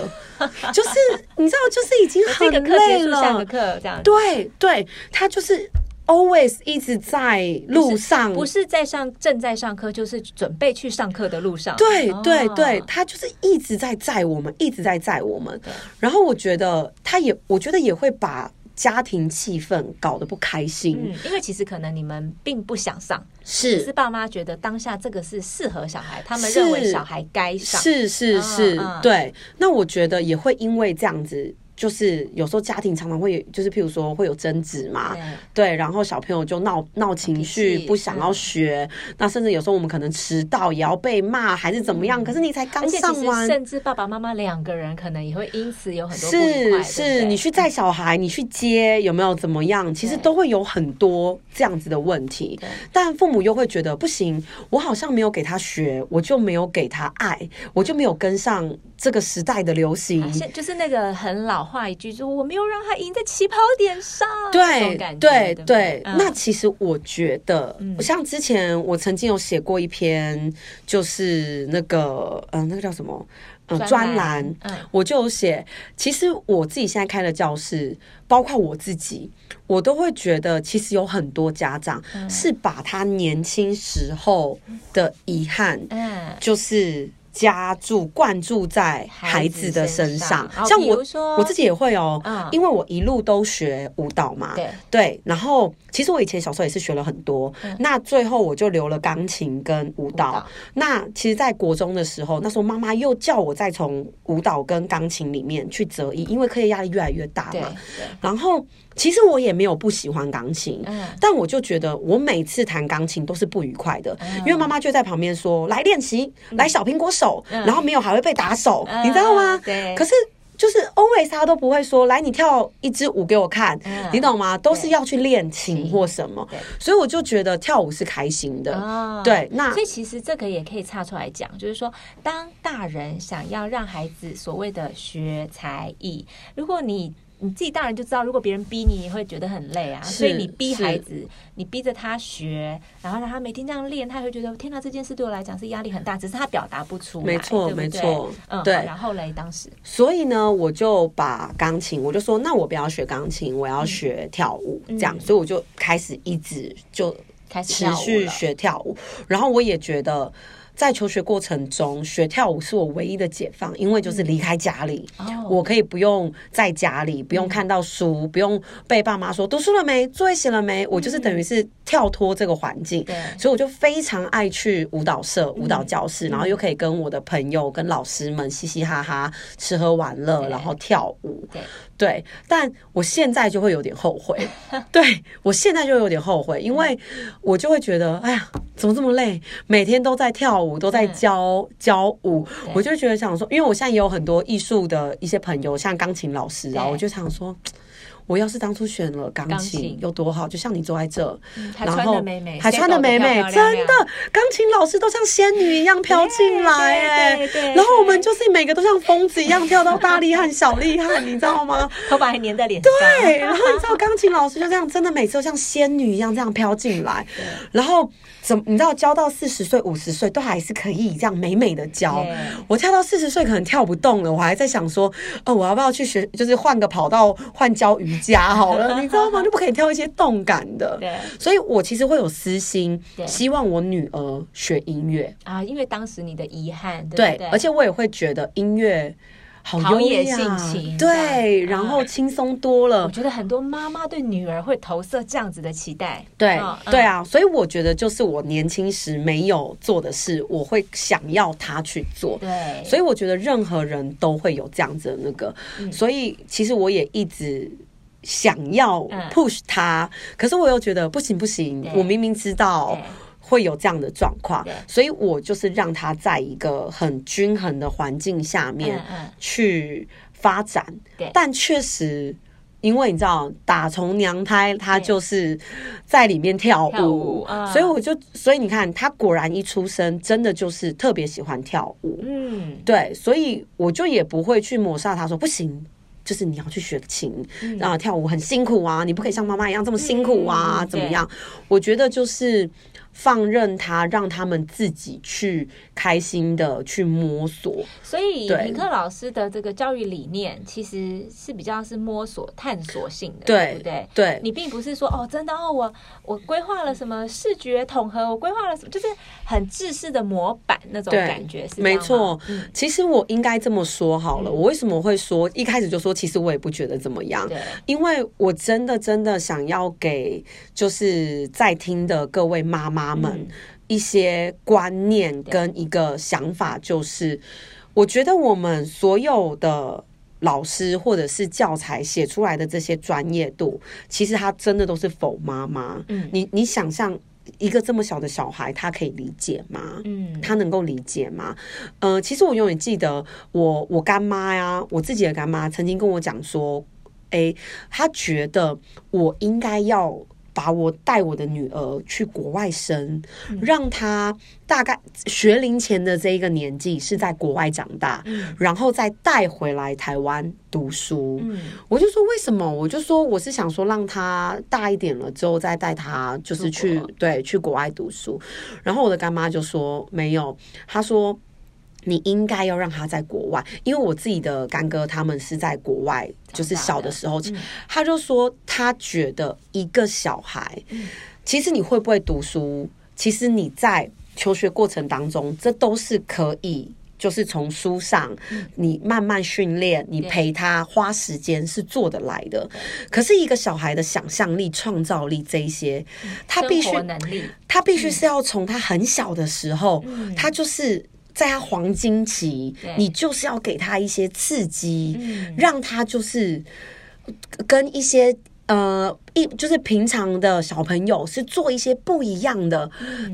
就是你知道，就是已經很累了。 下個課這樣。對對，他就是。always 一直在路上，就是，不是在上，正在上課，就是準備去上課的路上。對、哦、對對，他就是一直在載我們，一直在載我們。對然後我覺得他也，我覺得也會把家庭氣氛搞得不開心。嗯、因為其實可能你們並不想上，是，只是爸媽覺得當下這個是適合小孩，他們認為小孩該上，是是是，對。那我覺得也會因為這樣子。就是有時候家庭常常會有，就是譬如說會有爭執嘛，對，然後小朋友就鬧鬧情緒，不想要學，那甚至有時候我們可能遲到也要被罵，還是怎麼樣？可是你才剛上完，甚至爸爸媽媽兩個人可能也會因此有很多，是是，你去載小孩，你去接，有沒有怎麼樣？其實都會有很多這樣子的問題，但父母又會覺得不行，我好像沒有給他學，我就沒有給他愛，我就沒有跟上這個時代的流行，就是那個很老。話一句就，就我沒有讓他贏在起跑點上。對，對，對吧？對。嗯、那其實我覺得，嗯、像之前我曾經有寫過一篇，就是那個，嗯、呃，那個叫什麼，嗯，專欄，我就寫，其實我自己現在開的教室，包括我自己，我都會覺得，其實有很多家長是把他年輕時候的遺憾，嗯、就是。加注、灌注在孩子的身上，身上像我，我自己也會哦、喔，啊、因為我一路都學舞蹈嘛，對，對，然後其實我以前小時候也是學了很多，嗯、那最後我就留了鋼琴跟舞蹈。舞蹈那其實，在國中的時候，那時候媽媽又叫我再從舞蹈跟鋼琴裡面去擇一，因為課業壓力越來越大嘛。對然後。其實我也沒有不喜歡鋼琴，嗯、但我就覺得我每次彈鋼琴都是不愉快的，嗯、因為媽媽就在旁邊說：“來練習，來小蘋果手。嗯”然後沒有還會被打手，嗯、你知道嗎？對。可是就是 always 他都不會說：“來，你跳一支舞給我看。嗯”你懂嗎？都是要去練琴或什麼，對所以我就覺得跳舞是開心的。嗯、對，那所以其實這個也可以岔出來講，就是說，當大人想要讓孩子所謂的學才藝，如果你。你自己當然就知道，如果別人逼你，你會覺得很累啊。是所以你逼孩子，是你逼着他學，然後讓他每天這樣練，他也會覺得天哪，這件事對我來講是壓力很大。只是他表達不出來，沒錯，對對沒錯，嗯，對。然後嘞，當時所以呢，我就把鋼琴，我就說，那我不要學鋼琴，我要學跳舞。嗯、這樣，嗯、所以我就開始一直就開始持續學跳舞。然後我也覺得。在求學過程中，學跳舞是我唯一的解放，因為就是離開家裡，嗯 oh. 我可以不用在家裡，不用看到書，嗯、不用被爸媽說讀書了沒，作業寫了沒，嗯、我就是等於是。跳脫這個環境，對，所以我就非常愛去舞蹈社、舞蹈教室，嗯、然後又可以跟我的朋友、嗯、跟老師們嘻嘻哈哈、吃喝玩樂，對然後跳舞。對，對，但我現在就會有點後悔， 對我現在就有點後悔，因為我就會覺得，哎呀，怎麼這麼累？每天都在跳舞，都在教、嗯、教舞，對我就覺得想說，因為我現在也有很多藝術的一些朋友，像鋼琴老師，然後我就想說。我要是當初選了鋼琴有琴多好！就像你坐在這，然後、嗯、還穿的美美，真的鋼琴老師都像仙女一樣飄進來哎， 對對對，然後我們就是每個都像瘋子一樣 跳到大厲害、小厲害，你知道嗎？ 頭髮還粘在臉上，對，然後你知道鋼琴老師就這樣，真的每次都像仙女一樣這樣飄進來， 對對對然後。怎麼？你知道教到四十歲、五十歲都還是可以這樣美美的教。我跳到四十歲可能跳不動了，我還在想說，哦，我要不要去學？就是換個跑道，換教瑜伽好了，你知道嗎？就不可以跳一些動感的。對，所以我其實會有私心，希望我女兒學音樂啊，因為當時你的遺憾。對，而且我也會覺得音樂。陶冶性情，對，對，嗯、然後輕鬆多了。我覺得很多媽媽對女兒會投射這樣子的期待，對，嗯、對啊。所以我覺得，就是我年輕時沒有做的事，我會想要她去做。對，所以我覺得任何人都會有這樣子的那個。嗯、所以其實我也一直想要 push 她，嗯、可是我又覺得不行，不行。對，我明明知道。會有這樣的狀況，Yeah. 所以我就是讓他在一個很均衡的環境下面去發展。Uh uh. 但確實，因為你知道，打從娘胎他就是在裡面跳舞，Yeah. 所以我就，所以你看，他果然一出生真的就是特別喜歡跳舞。嗯，mm. 對，所以我就也不會去抹殺他說不行，就是你要去學琴，mm. 然後跳舞很辛苦啊，你不可以像媽媽一樣這麼辛苦啊，mm hmm. 怎麼樣？Mm hmm. 我覺得就是。放任他，讓他們自己去開心的去摸索。所以品客老師的這個教育理念其實是比較是摸索、探索性的，對，對不對？對，你並不是說哦，真的哦，我我規劃了什麼視覺統合，我規劃了什麼，就是很制式的模板那種感覺對是沒錯。其實我應該這麼說好了，嗯、我為什麼會說一開始就說，其實我也不覺得怎麼樣，對因為我真的真的想要給就是在聽的各位媽媽。他們、嗯、一些觀念跟一個想法，就是我覺得我們所有的老師或者是教材寫出來的這些專業度，其實他真的都是否媽媽？嗯，你你想象一個這麼小的小孩，他可以理解嗎？嗯，他能夠理解嗎？嗯、呃，其實我永遠記得我我乾媽呀，我自己的乾媽曾經跟我講說，誒、欸，他覺得我應該要。把我帶我的女兒去國外生，讓她大概學齡前的這一個年紀是在國外長大，然後再帶回來台灣讀書。我就說為什麼？我就說我是想說讓她大一點了之後再帶她就是去，對，去國外讀書。然後我的乾媽就說沒有，她說。你應該要讓他在國外，因為我自己的乾哥他們是在國外，就是小的時候，嗯、他就說他覺得一個小孩，嗯、其實你會不會讀書，其實你在求學過程當中，這都是可以，就是從書上、嗯、你慢慢訓練，嗯、你陪他花時間是做得來的。對可是，一個小孩的想象力、創造力這一些，嗯、他必須他必須是要從他很小的時候，嗯、他就是。在他黃金期，Yeah. 你就是要給他一些刺激，mm. 讓他就是跟一些。呃，一就是平常的小朋友是做一些不一樣的，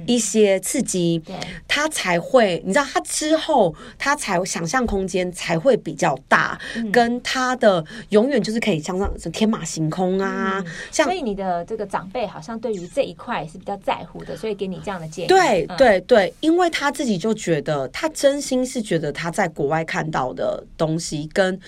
一些刺激，嗯、對他才會你知道，他之後他才想象空間才會比較大，嗯、跟他的永遠就是可以向上天馬行空啊。嗯、像所以你的這個長輩好像對於這一塊是比較在乎的，所以給你這樣的建議。對對對，因為他自己就覺得，他真心是覺得他在國外看到的東西跟。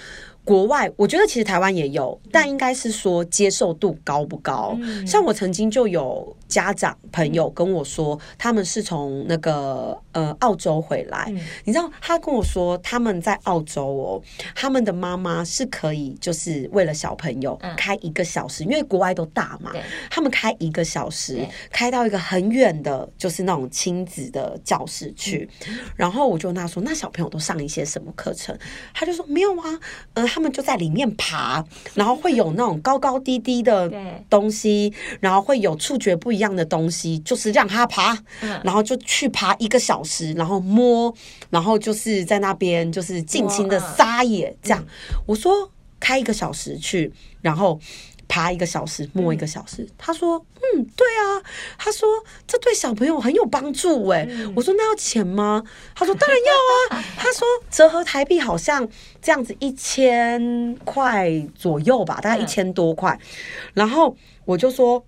國外，我覺得其實台灣也有，但應該是說接受度高不高？像我曾經就有家長朋友跟我說，他們是從那個呃澳洲回來，嗯、你知道，他跟我說他們在澳洲哦，他們的媽媽是可以就是為了小朋友開一個小時，因為國外都大嘛，嗯、他們開一個小時，開到一個很遠的，就是那種親子的教室去。嗯、然後我就跟他說：“那小朋友都上一些什麼課程？”他就說：“沒有啊，他、呃。他們就在裡面爬，然後會有那種高高低低的東西，然後會有觸覺不一樣的東西，就是讓他爬，然後就去爬一個小時，然後摸，然後就是在那邊就是盡情的撒野。這樣，我說開一個小時去，然後。爬一個小時，摸一個小時。嗯、他說：“嗯，對啊。”他說：“這對小朋友很有幫助。嗯”誒，我說：“那要錢嗎？”他說：“當然要啊。” 他說：“折合台幣好像這樣子，一千塊左右吧，大概一千多塊。嗯”然後我就說：“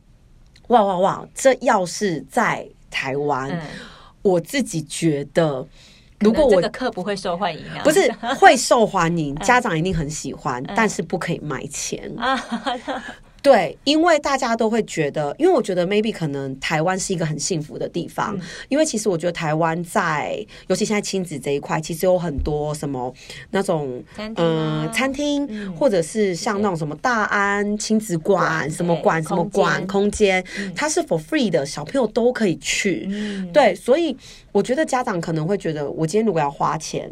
哇哇哇！這要是在台灣，嗯、我自己覺得。”如果我的課不會受歡迎，不是會受歡迎，家長一定很喜歡，但是不可以賣錢啊。 對，因為大家都會覺得，因為我覺得 maybe 可能台灣是一個很幸福的地方，嗯、因為其實我覺得台灣在，尤其現在親子這一塊，其實有很多什麼那種餐廳嗎？嗯餐廳，嗯、或者是像那種什麼大安親、嗯、子館，什麼館對什麼館對空間間，空間嗯、它是 for free 的，小朋友都可以去。嗯、對，所以我覺得家長可能會覺得，我今天如果要花錢，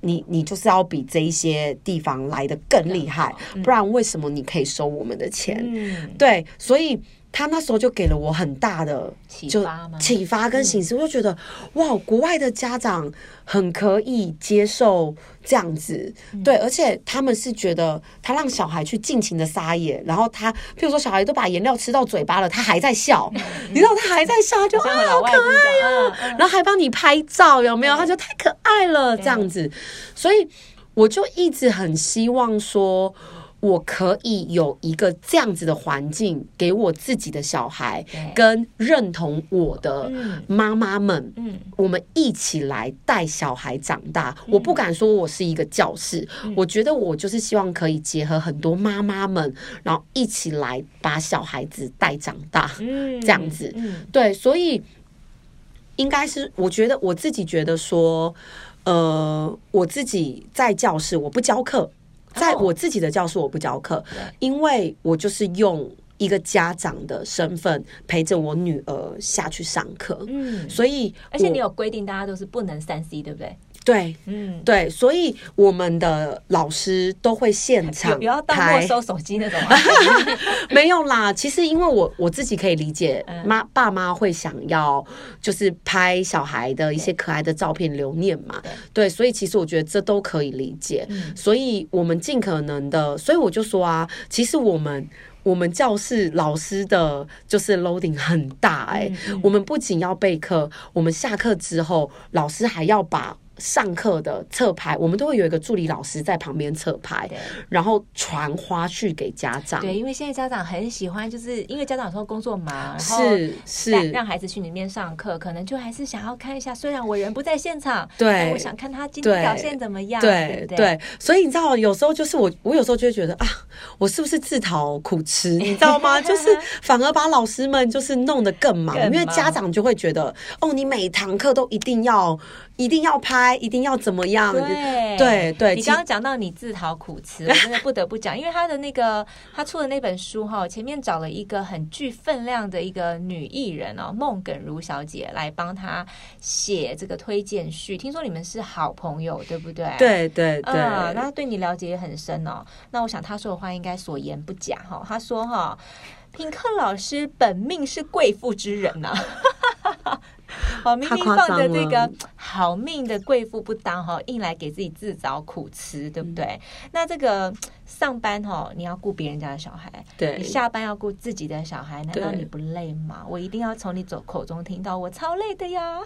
你你就是要比這一些地方來得更厲害，嗯、不然為什麼你可以收我們的錢？嗯、對，所以。他那時候就給了我很大的啟發啟發跟形式，嗯、我就覺得哇，國外的家長很可以接受這樣子，嗯、對，而且他們是覺得他讓小孩去盡情的撒野，然後他，譬如說小孩都把顏料吃到嘴巴了，他還在笑，嗯、你知道他還在笑，就、嗯、好可愛哦、啊，嗯、然後還幫你拍照，有沒有？嗯、他就太可愛了，這樣子，嗯、所以我就一直很希望說。我可以有一個這樣子的環境，給我自己的小孩，跟認同我的媽媽們，嗯，我們一起來帶小孩長大。我不敢說我是一個教師，我覺得我就是希望可以結合很多媽媽們，然後一起來把小孩子帶長大，嗯，這樣子，對，所以應該是我覺得我自己覺得說，呃，我自己在教室我不教課。在我自己的教室，我不教課，oh, right. 因為我就是用一個家長的身份陪着我女兒下去上課。嗯，mm. 所以而且你有規定，大家都是不能三 C，對不對？對，嗯，對，所以我們的老師都會現場不要到沒收手機那種、啊， 沒有啦。其實因為我我自己可以理解媽，媽、嗯、爸媽會想要就是拍小孩的一些可愛的照片留念嘛。對，對，所以其實我覺得這都可以理解。對所以我們盡可能的，所以我就說啊，其實我們我們教室老師的就是 loading 很大哎、欸，嗯嗯我們不僅要備課，我們下課之後老師還要把。上課的側拍，我們都會有一個助理老師在旁邊側拍，對然後傳花絮給家長。對，因為現在家長很喜歡，就是因為家長有時候工作忙，然後是，是讓孩子去裡面上課，可能就還是想要看一下。雖然我人不在現場，對，但我想看他今天表現怎麼樣。對對、對、對，所以你知道，有時候就是我，我有時候就會覺得啊，我是不是自討苦吃？你知道嗎？ 就是反而把老師們就是弄得更忙，更忙，因為家長就會覺得哦，你每堂課都一定要。一定要拍，一定要怎麼樣？對對對！對對，你剛剛講到你自討苦吃，我真的不得不講， 因為他的那個他出的那本書哈、哦，前面找了一個很具分量的一個女藝人哦，孟耿如小姐來幫他寫這個推薦序。聽說你們是好朋友，對不對？對對對、呃，那對你了解也很深哦。那我想他說的話應該所言不假哈、哦。他說哈、哦，品客老師本命是貴婦之人吶、啊。 好、哦，明明放着這個好命的貴婦不當、哦，哈，硬來給自己自找苦吃，對不對？嗯、那這個上班哈、哦，你要顧別人家的小孩，對；你下班要顧自己的小孩，難道你不累嗎？對我一定要從你嘴口中聽到我超累的呀，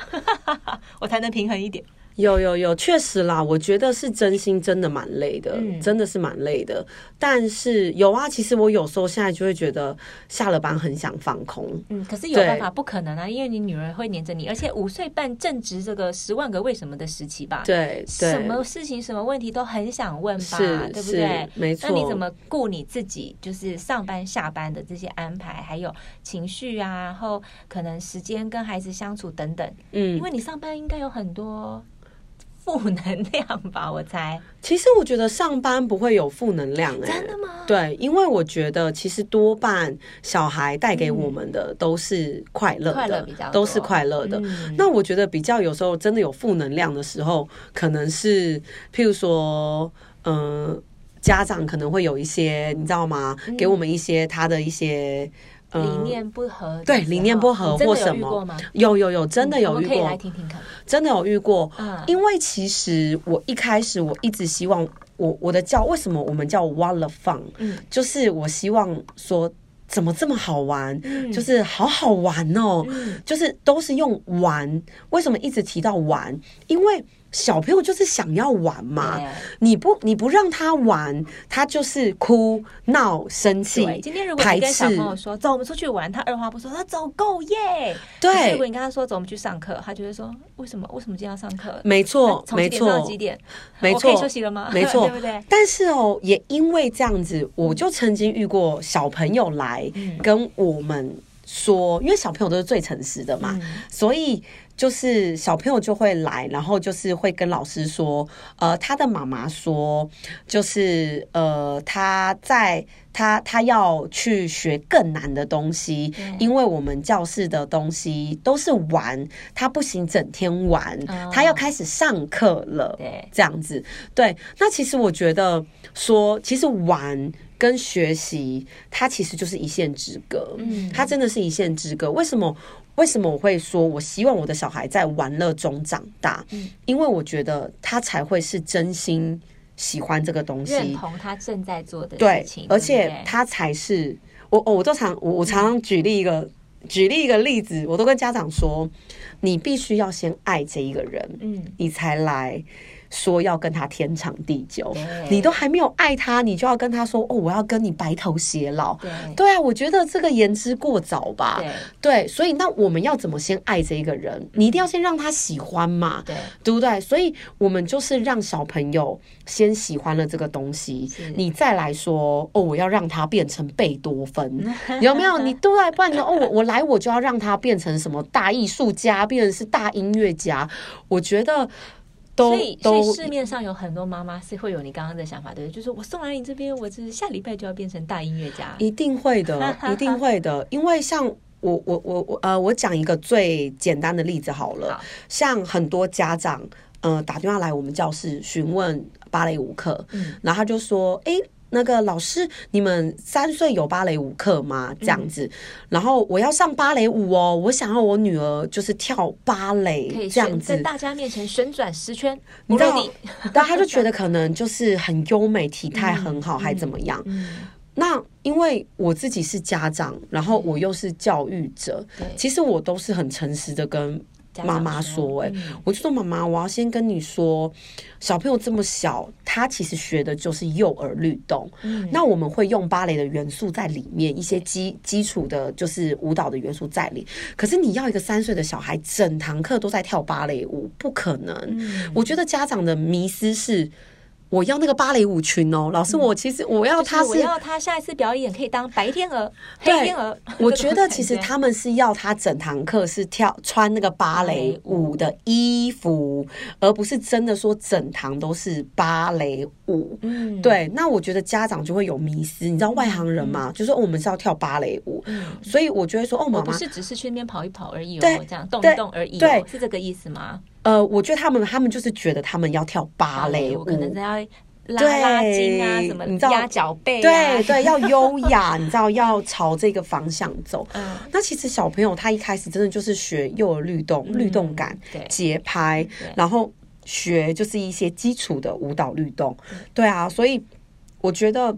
我才能平衡一點。有有有，確實啦，我覺得是真心真的蠻累的，嗯、真的是蠻累的。但是有啊，其實我有時候現在就會覺得下了班很想放空。嗯，可是有辦法對不可能啊，因為你女兒會黏着你，而且五歲半正值這個十萬個為什麼的時期吧？對，對什麼事情、什麼問題都很想問吧？是對不對？沒錯。那你怎麼顧你自己？就是上班、下班的這些安排，還有情緒啊，然後可能時間跟孩子相處等等。嗯，因為你上班應該有很多。負能量吧，我猜。其實我覺得上班不會有負能量哎、欸，真的嗎？對，因為我覺得其實多半小孩帶給我們的都是快樂的，嗯、快樂比較多，都是快樂的。嗯、那我覺得比較有時候真的有負能量的時候，嗯、可能是譬如說，嗯、呃，家長可能會有一些，你知道嗎？給我們一些他的一些。理念不合，嗯、對理念不合或什麼？有，有有有，真的有遇過聽聽，真的有遇過。真的有遇過。因為其實我一開始我一直希望我我的叫，為什麼我們叫 What the Fun？嗯，就是我希望說，怎麼這麼好玩？嗯、就是好好玩哦。嗯、就是都是用玩，為什麼一直提到玩？因為。小朋友就是想要玩嘛，啊、你不你不讓他玩，他就是哭鬧生氣，今天如果你跟小朋友說：“排斥，走，我們出去玩。”，他二話不說，他走夠耶。對。如果你跟他說：“走，我們去上課。”，他就會說：“為什麼？為什麼今天要上課？”沒錯，沒錯。幾點到幾點？沒錯。可以休息了嗎？沒錯， 對不對？但是哦，也因為這樣子，我就曾經遇過小朋友來跟我們說，嗯、因為小朋友都是最誠實的嘛，嗯、所以。就是小朋友就會來，然後就是會跟老師說，呃，他的媽媽說，就是呃，他在他他要去學更難的東西，對因為我們教室的東西都是玩，他不行，整天玩，他、哦、要開始上課了，對這樣子。對，那其實我覺得說，其實玩跟學習，它其實就是一線之隔，嗯，它真的是一線之隔。嗯、為什麼？為什麼我會說，我希望我的小孩在玩樂中長大？嗯、因為我覺得他才會是真心喜歡這個東西，認同他正在做的事情，對而且他才是我。我我都常我常常舉例一個、嗯、舉例一個例子，我都跟家長說，你必須要先愛這一個人，嗯，你才來。說要跟他天長地久，對你都還沒有愛他，你就要跟他說哦，我要跟你白頭偕老。對，對啊，我覺得這個言之過早吧。對，對，所以那我們要怎麼先愛這一個人？你一定要先讓他喜歡嘛，對，對不對？所以我們就是讓小朋友先喜歡了這個東西，是你再來說哦，我要讓他變成貝多芬， 有沒有？你都不辦呢？ 哦，我我來我就要讓他變成什麼大藝術家，變成是大音樂家。我覺得。所以，所以市面上有很多媽媽是會有你剛剛的想法，對，就是我送來你這邊，我這下禮拜就要變成大音樂家，一定會的，一定會的。 因為像我，我，我，我，呃，我講一個最簡單的例子好了，好，像很多家長，呃，打電話來我們教室詢問芭蕾舞課，嗯，然後他就說，哎、欸。那個老師，你們三歲有芭蕾舞課嗎？這樣子，嗯、然後我要上芭蕾舞哦，我想要我女兒就是跳芭蕾，這樣子，在大家面前旋轉十圈，你到底，但他就覺得可能就是很優美， 體態很好，嗯、還怎麼樣？嗯嗯、那因為我自己是家長，然後我又是教育者，對其實我都是很誠實的跟。媽媽說、欸：“誒、嗯、我就說媽媽，我要先跟你說，小朋友這麼小，他其實學的就是幼兒律動。嗯、那我們會用芭蕾的元素在裡面，一些基基礎的就是舞蹈的元素在裡面。可是你要一個三歲的小孩，整堂課都在跳芭蕾舞，不可能。嗯、我覺得家長的迷思是。”我要那個芭蕾舞裙哦，老師，我其實我要他是，嗯就是我要他下一次表演可以當白天鵝、對黑天鵝。我覺得其實他們是要他整堂課是跳穿那個芭蕾舞的衣服，嗯、而不是真的說整堂都是芭蕾舞。嗯、對。那我覺得家長就會有迷思，你知道外行人嘛，嗯、就是我們是要跳芭蕾舞，嗯、所以我覺得說、哦、媽媽我們不是只是去那邊跑一跑而已、哦，對，我這樣動一動而已、哦，對，是這個意思嗎？呃，我覺得他們，他們就是覺得他們要跳芭蕾、嗯，我可能要拉拉筋啊，對什麼、啊，你知道，壓腳背、啊，對對，要優雅， 你知道，要朝這個方向走。嗯、那其實小朋友他一開始真的就是學幼兒律動、嗯、律動感、節對拍，對然後學就是一些基礎的舞蹈律動。對啊，所以我覺得。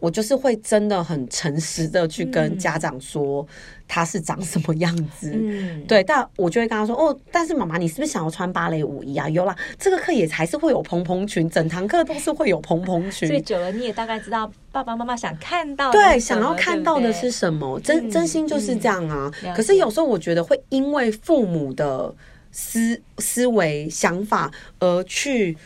我就是會真的很誠實的去跟家長說他是長什麼樣子、嗯，嗯、對，但我就會跟他說哦，但是媽媽，你是不是想要穿芭蕾舞衣啊？有啦，這個課也還是會有蓬蓬裙，整堂課都是會有蓬蓬裙。最久了，你也大概知道爸爸媽媽想看到對，想要看到的是什麼，對對，真真心就是這樣啊。嗯嗯、可是有時候我覺得會因為父母的思思維想法而去。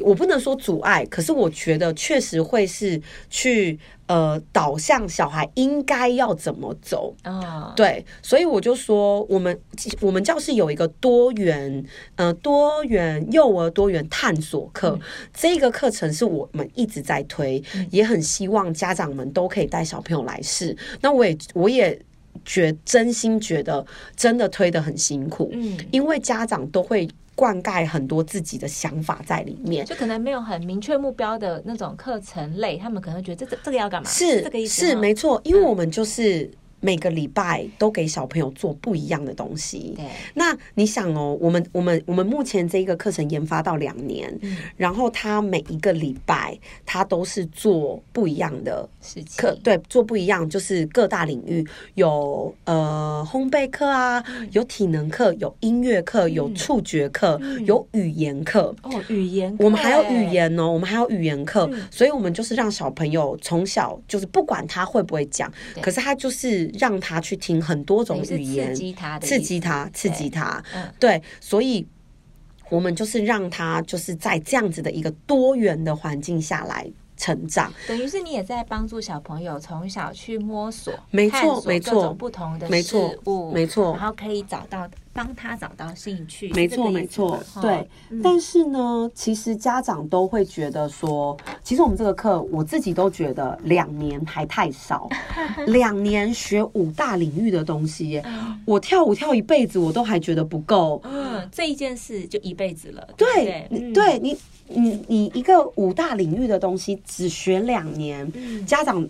我不能說阻礙，可是我覺得確實會是去呃導向小孩應該要怎麼走啊。Oh. 對，所以我就說我們我們教室有一個多元呃多元幼兒多元探索課，嗯、這個課程是我們一直在推，嗯、也很希望家長們都可以帶小朋友來試。那我也我也覺真心覺得真的推得很辛苦，嗯，因為家長都會。灌溉很多自己的想法在裡面，就可能沒有很明確目標的那種課程類，他們可能會覺得這個這個要幹嘛？是這個意思，是沒錯，因為我們就是。每個禮拜都給小朋友做不一樣的東西。對那你想哦、喔，我們我們我們目前這一個課程研發到兩年，嗯、然後他每一個禮拜他都是做不一樣的課，七對，做不一樣就是各大領域有呃烘焙課啊，嗯、有體能課，有音樂課，有觸覺課，嗯、有語言課哦，語言、嗯，我們還有語言哦、喔，對我們還有語言課，嗯、所以我們就是讓小朋友從小就是不管他會不會講，對可是他就是。讓他去聽很多種語言，刺激他的刺激他，刺激他，刺激他。對，嗯，所以我們就是讓他就是在這樣子的一個多元的環境下來成長。等於是你也在幫助小朋友從小去摸索，沒錯，沒錯，不同的事物沒，沒錯，沒錯，然後可以找到的。幫他找到興趣，沒錯沒錯，對。但是呢，其實家長都會覺得說，其實我們這個課，我自己都覺得兩年還太少。兩年學五大領域的東西，我跳舞跳一輩子，我都還覺得不夠。嗯，這一件事就一輩子了。對，對你，你你一個五大領域的東西只學兩年，家長。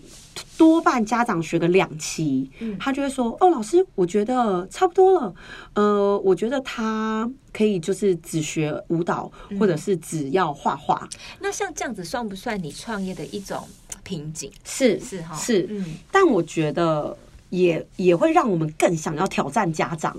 多半家長學個兩期，嗯嗯、他就會說：“哦，老師，我覺得差不多了。呃，我覺得他可以就是只學舞蹈，嗯、或者是只要畫畫。那像這樣子，算不算你創業的一種瓶頸是齁？是是哈，是嗯。但我覺得也也會讓我們更想要挑戰家長。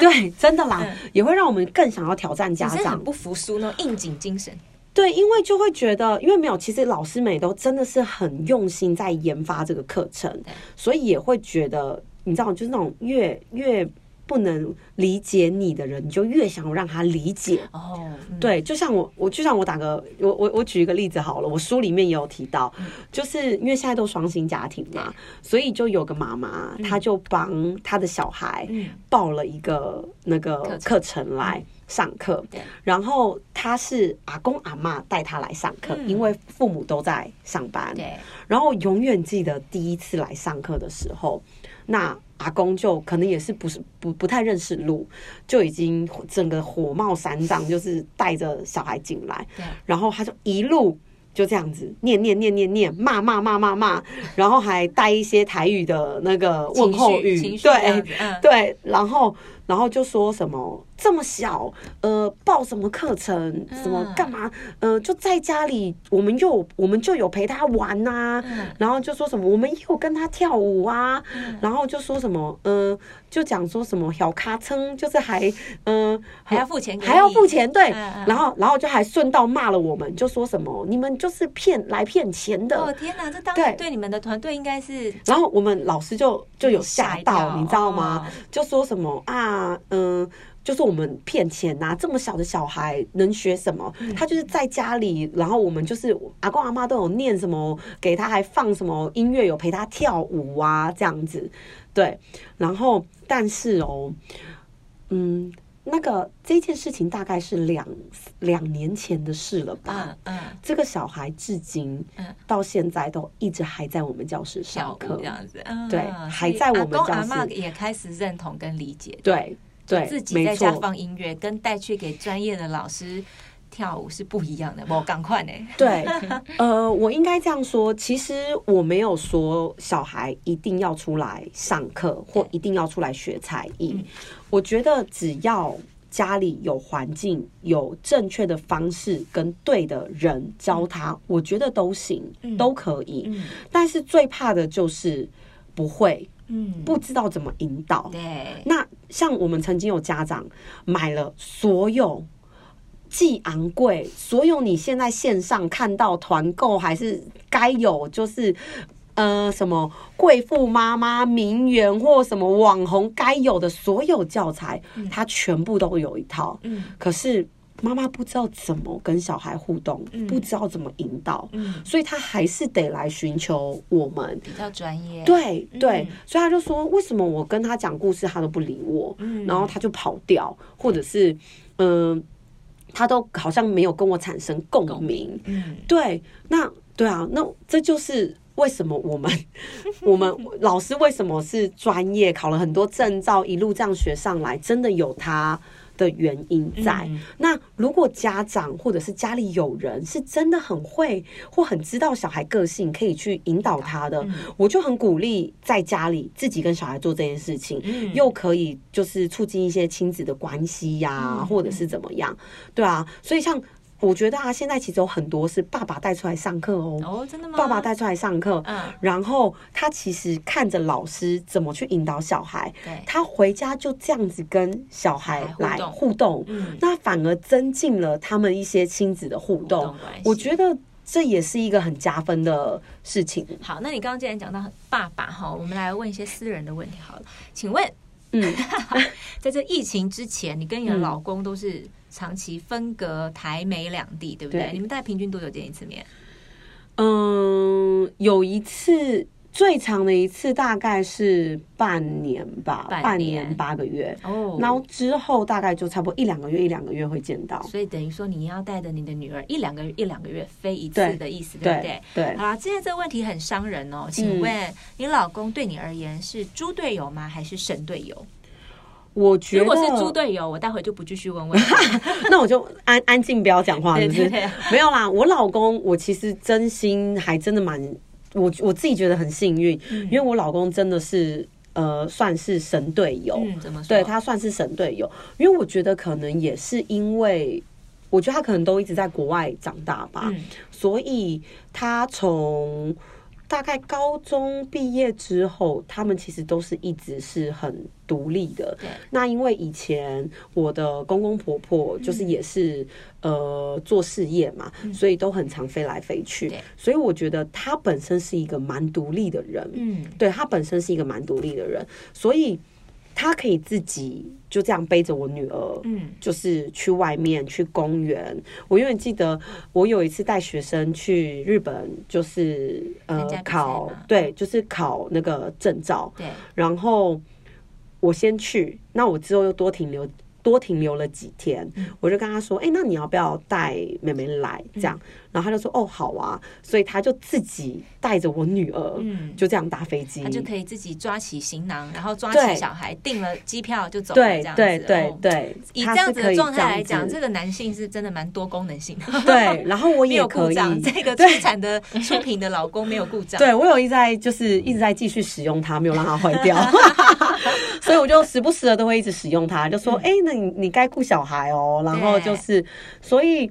對，真的啦，也會讓我們更想要挑戰家長，很不服輸那種硬頸精神。”對，因為就會覺得，因為沒有，其實老師們也都真的是很用心在研發這個課程，所以也會覺得，你知道嗎？就是那種越越不能理解你的人，你就越想讓他理解。哦，對，就像我，我就像我打個我我我舉一個例子好了，我書裡面也有提到，就是因為現在都雙薪家庭嘛，所以就有個媽媽，她就幫她的小孩報了一個那個課程來。上課，對然後他是阿公阿嬤帶他來上課，嗯、因為父母都在上班。對然後永遠記得第一次來上課的時候，那阿公就可能也是不是不不太認識路，就已經整個火冒三丈，就是帶着小孩進來，對然後他就一路就這樣子念念念念念罵罵罵罵罵，然後還帶一些台語的那個問候語，緒對，嗯、對，然後然後就說什麼。這麼小，呃，報什麼課程，什麼幹嘛？嗯、呃，就在家裡，我們又我們就有陪他玩吶、啊，嗯、然後就說什麼，我們又跟他跳舞啊，嗯、然後就說什麼，嗯、呃，就講說什麼小咖稱，就是還嗯，呃、還要付錢，還要付錢，對，嗯嗯然後然後就還順道罵了我們，就說什麼，你們就是騙來騙錢的。哦天哪，這當時對你們的團隊應該是。然後我們老師就就有嚇到，嗯、嚇你知道嗎？哦、就說什麼啊，嗯、呃。就是我們騙錢吶！這麼小的小孩能學什麼？他就是在家裡，然後我們就是阿公阿媽都有念什麼，給他還放什麼音樂，有陪他跳舞啊這樣子。對，然後但是哦、喔，嗯，那個這件事情大概是兩兩年前的事了吧？嗯，嗯這個小孩至今、嗯、到現在都一直還在我們教室上課這樣子。嗯、對，還在我們教室、啊、阿公阿媽也開始認同跟理解。對。對，自己在家放音樂，跟帶去給專業的老師跳舞是不一樣的。我趕快呢。對， 呃，我應該這樣說，其實我沒有說小孩一定要出來上課，或一定要出來學才藝。對我覺得只要家裡有環境，有正確的方式，跟對的人教他，嗯、我覺得都行，都可以。嗯、但是最怕的就是不會。嗯，不知道怎麼引導。對，那像我們曾經有家長買了所有既昂貴，所有你現在線上看到團購還是該有，就是呃什麼貴婦媽媽、名媛或什麼網紅該有的所有教材，他、嗯、全部都有一套。嗯，可是。媽媽不知道怎麼跟小孩互動，嗯、不知道怎麼引導，嗯、所以她還是得來尋求我們比較專業。對對，對嗯、所以他就說：“為什麼我跟他講故事，他都不理我？嗯、然後他就跑掉，或者是嗯，他、呃、都好像沒有跟我產生共鳴。共鳴”嗯、對，那對啊，那這就是為什麼我們我們老師為什麼是專業， 考了很多證照，一路這樣學上來，真的有他。的原因在。嗯嗯那，如果家長或者是家裡有人是真的很會或很知道小孩個性，可以去引導他的，嗯嗯我就很鼓勵在家裡自己跟小孩做這件事情，嗯嗯又可以就是促進一些親子的關係呀、啊，嗯嗯或者是怎麼樣，對吧、啊？所以像。我覺得啊，現在其實有很多是爸爸帶出來上課哦。哦，真的嗎？爸爸帶出來上課，嗯，然後他其實看着老師怎麼去引導小孩，對，他回家就這樣子跟小孩來互動，互動。嗯，那反而增進了他們一些親子的互動。互動我覺得這也是一個很加分的事情。好，那你剛剛既然講到爸爸哈，我們來問一些私人的問題好了。請問，嗯， 在這疫情之前，你跟你的老公都是？長期分隔台美兩地，對不對？對，你們大概平均多久見一次面？嗯，有一次最長的一次大概是半年吧，半年，半年八個月。哦，然後之後大概就差不多一兩個月，一兩個月會見到。所以等於說你要帶着你的女兒一兩個一兩個月飛一,一次的意思，對,對不對？對。對好啦，今天這個問題很傷人哦、喔。請問你老公對你而言是豬隊友嗎，還是神隊友？我覺得如果是豬隊友，我待會就不繼續問問了。 那我就安安靜，不要講話， 對對對，是不是？沒有啦，我老公，我其實真心還真的蠻我我自己覺得很幸運，嗯、因為我老公真的是呃算是神隊友，嗯、對他算是神隊友。因為我覺得可能也是因為，我覺得他可能都一直在國外長大吧，嗯、所以他從大概高中畢業之後，他們其實都是一直是很獨立的。對那因為以前我的公公婆婆就是也是，嗯、呃做事業嘛，嗯、所以都很常飛來飛去。對所以我覺得他本身是一個蠻獨立的人。嗯，對他本身是一個蠻獨立的人，所以。他可以自己就這樣背着我女兒，嗯，就是去外面去公園。我永遠記得，我有一次帶學生去日本，就是呃考，對，就是考那個證照。對，然後我先去，那我之後又多停留多停留了幾天，嗯、我就跟他說：“哎、欸，那你要不要帶妹妹來？”這樣。嗯然後他就說：“哦，好啊，所以他就自己帶着我女兒，嗯，就這樣搭飛機，他就可以自己抓起行囊，然後抓起小孩，訂了機票就走，對對對對。以這樣子的狀態來講，這個男性是真的蠻多功能性的。對，然後我也有故障，這個出產的出品的老公沒有故障。對我有一直在就是一直在繼續使用它，沒有讓它壞掉，所以我就時不時的都會一直使用它。就說：哎，那你你該顧小孩哦。然後就是，所以。”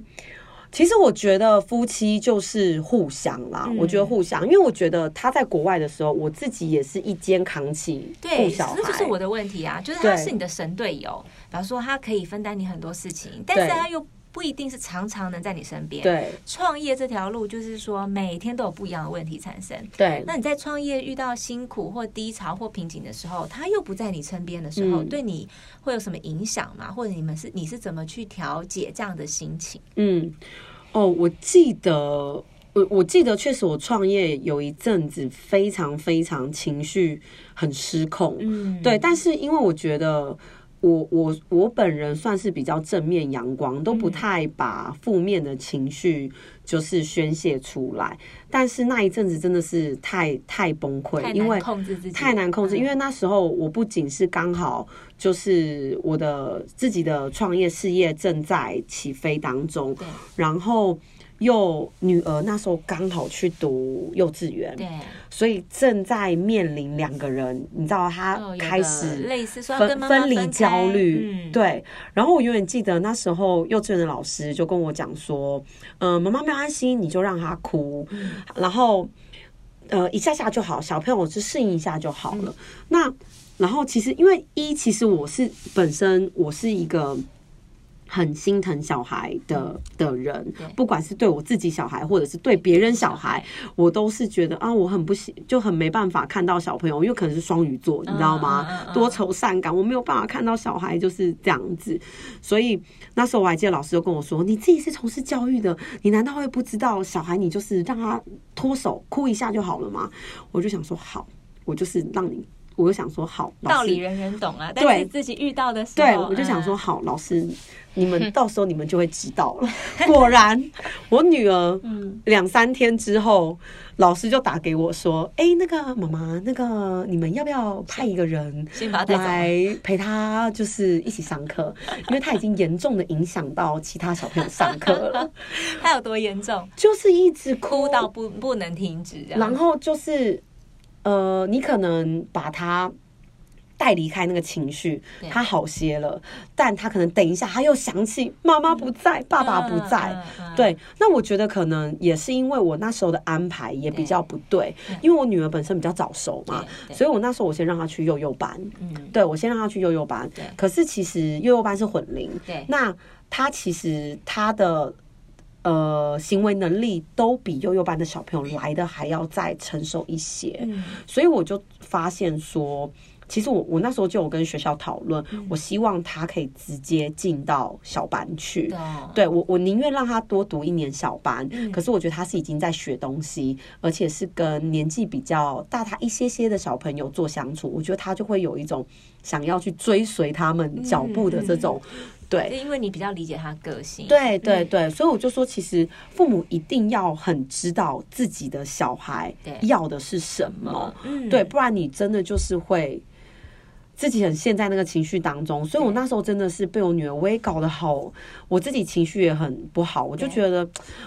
其實我覺得夫妻就是互相啦，嗯、我覺得互相，因為我覺得他在國外的時候，我自己也是一肩扛起。對，互相，那就是我的問題啊，就是他是你的神隊友，對比方說他可以分擔你很多事情，但是他又不一定是常常能在你身邊。對，創業這條路就是說每天都有不一樣的問題產生，對，那你在創業遇到辛苦或低潮或瓶頸的時候，他又不在你身邊的時候，嗯、對你會有什麼影響嗎？或者你們是你是怎麼去調節這樣的心情？嗯。哦，oh，我記得，我我記得，確實，我創業有一陣子，非常非常情緒很失控，嗯，對，但是因為我覺得。我我我本人算是比較正面陽光，都不太把負面的情緒就是宣洩出來。嗯、但是那一陣子真的是太太崩潰，因為太難控制。嗯、因為那時候我不僅是剛好就是我的自己的創業事業正在起飛當中，對然後。又女兒那時候剛好去讀幼稚園，對所以正在面臨兩個人，你知道她開始分類似媽媽分離焦慮，嗯、對。然後我永遠記得那時候幼稚園的老師就跟我講說：“嗯、呃，媽媽沒有安心，你就讓她哭，嗯、然後呃一下下就好，小朋友就適應一下就好了。嗯”那然後其實因為一，其實我是本身我是一個。很心疼小孩的的人，對不管是對我自己小孩，或者是對別人小孩，我都是覺得啊，我很不行，就很沒辦法看到小朋友，因為可能是雙魚座，嗯、你知道嗎？多愁善感，嗯、我沒有辦法看到小孩就是這樣子。所以那時候我還記得老師就跟我說：“你自己是從事教育的，你難道會不知道小孩？你就是讓他脫手哭一下就好了嗎？”我就想說：“好，我就是讓你。”我就想說：“好，道理人人懂了、啊，對但是自己遇到的時候，對，嗯、我就想說好，老師。”你們到時候你們就會知道了。哼果然，我女兒兩、嗯、三天之後，老師就打給我說：“哎、欸，那個媽媽，那個你們要不要派一個人來陪她？就是一起上課，因為她已經嚴重的影響到其他小朋友上課了。他有多嚴重？就是一直哭，哭到不不能停止。然後就是，呃，你可能把她……”帶離開那個情緒，他好些了，對但他可能等一下他又想起媽媽不在，嗯、爸爸不在，嗯啊、對，那我覺得可能也是因為我那時候的安排也比較不對，對對，因為我女兒本身比較早熟嘛，所以我那時候我先讓她去幼幼班，嗯、對我先讓她去幼幼班，對可是其實幼幼班是混齡，對，那她其實她的呃行為能力都比幼幼班的小朋友來的還要再成熟一些，嗯、所以我就發現說。其實我我那時候就有跟學校討論，嗯、我希望他可以直接進到小班去。對，啊、對我我寧願讓他多讀一年小班，嗯、可是我覺得他是已經在學東西，而且是跟年紀比較大他一些些的小朋友做相處，我覺得他就會有一種想要去追隨他們腳步的這種。嗯、對，因為你比較理解他個性。對對對，嗯、所以我就說，其實父母一定要很知道自己的小孩要的是什麼，對，不然你真的就是會。自己很陷在那個情緒當中，所以我那時候真的是被我女兒，我也搞得好，我自己情緒也很不好，我就覺得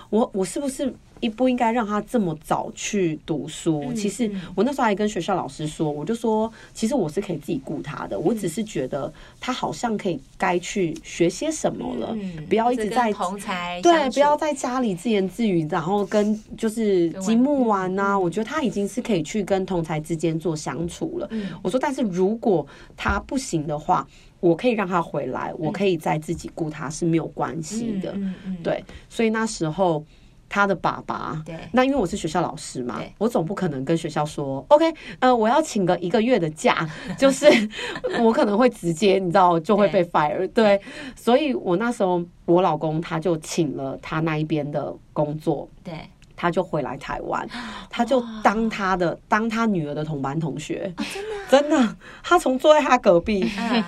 我，我我是不是？應不應該讓他這麼早去讀書？其實我那時候還跟學校老師說，我就說，其實我是可以自己顧他的，我只是覺得他好像可以該去學些什麼了，不要一直在同儕，對，不要在家裡自言自語，然後跟就是積木玩呢。我覺得他已經是可以去跟同儕之間做相處了。我說，但是如果他不行的話，我可以讓他回來，我可以再自己顧他，是沒有關係的。對，所以那時候。他的爸爸，對，那因為我是學校老師嘛，對我總不可能跟學校說，OK，呃，我要請個一個月的假， 就是我可能會直接，你知道，就會被 fire，對，對，所以我那時候我老公他就請了他那一邊的工作，對。他就回來台灣，他就當他的當他女兒的同班同學，真的真的，他從坐在他隔壁，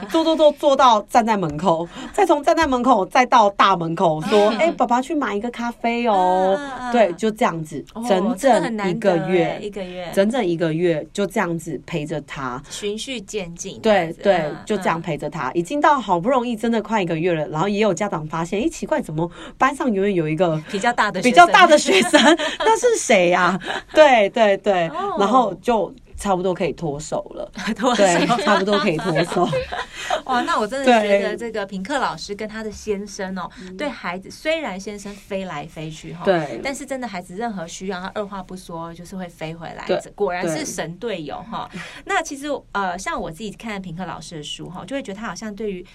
坐坐坐坐到站在門口，再從站在門口再到大門口，說：“哎，爸爸去買一個咖啡哦。”對，就這樣子，整整一個月，一個月，整整一個月，就這樣子陪着他，循序漸進，對對，就這樣陪着他，已經到好不容易真的快一個月了，然後也有家長發現，哎，奇怪，怎麼班上永遠有一個比較大的比較大的學生？那 是誰呀？啊？對對對，oh. 然後就差不多可以脫手了， 脫手啊，對，差不多可以脫手。 哇，那我真的覺得這個品客老師跟他的先生哦，喔，嗯，對孩子，雖然先生飛來飛去哈，對，但是真的孩子任何需要，他二話不說就是會飛回來，對果然是神隊友哈。對那其實呃，像我自己看品客老師的書哈，就會覺得他好像對於。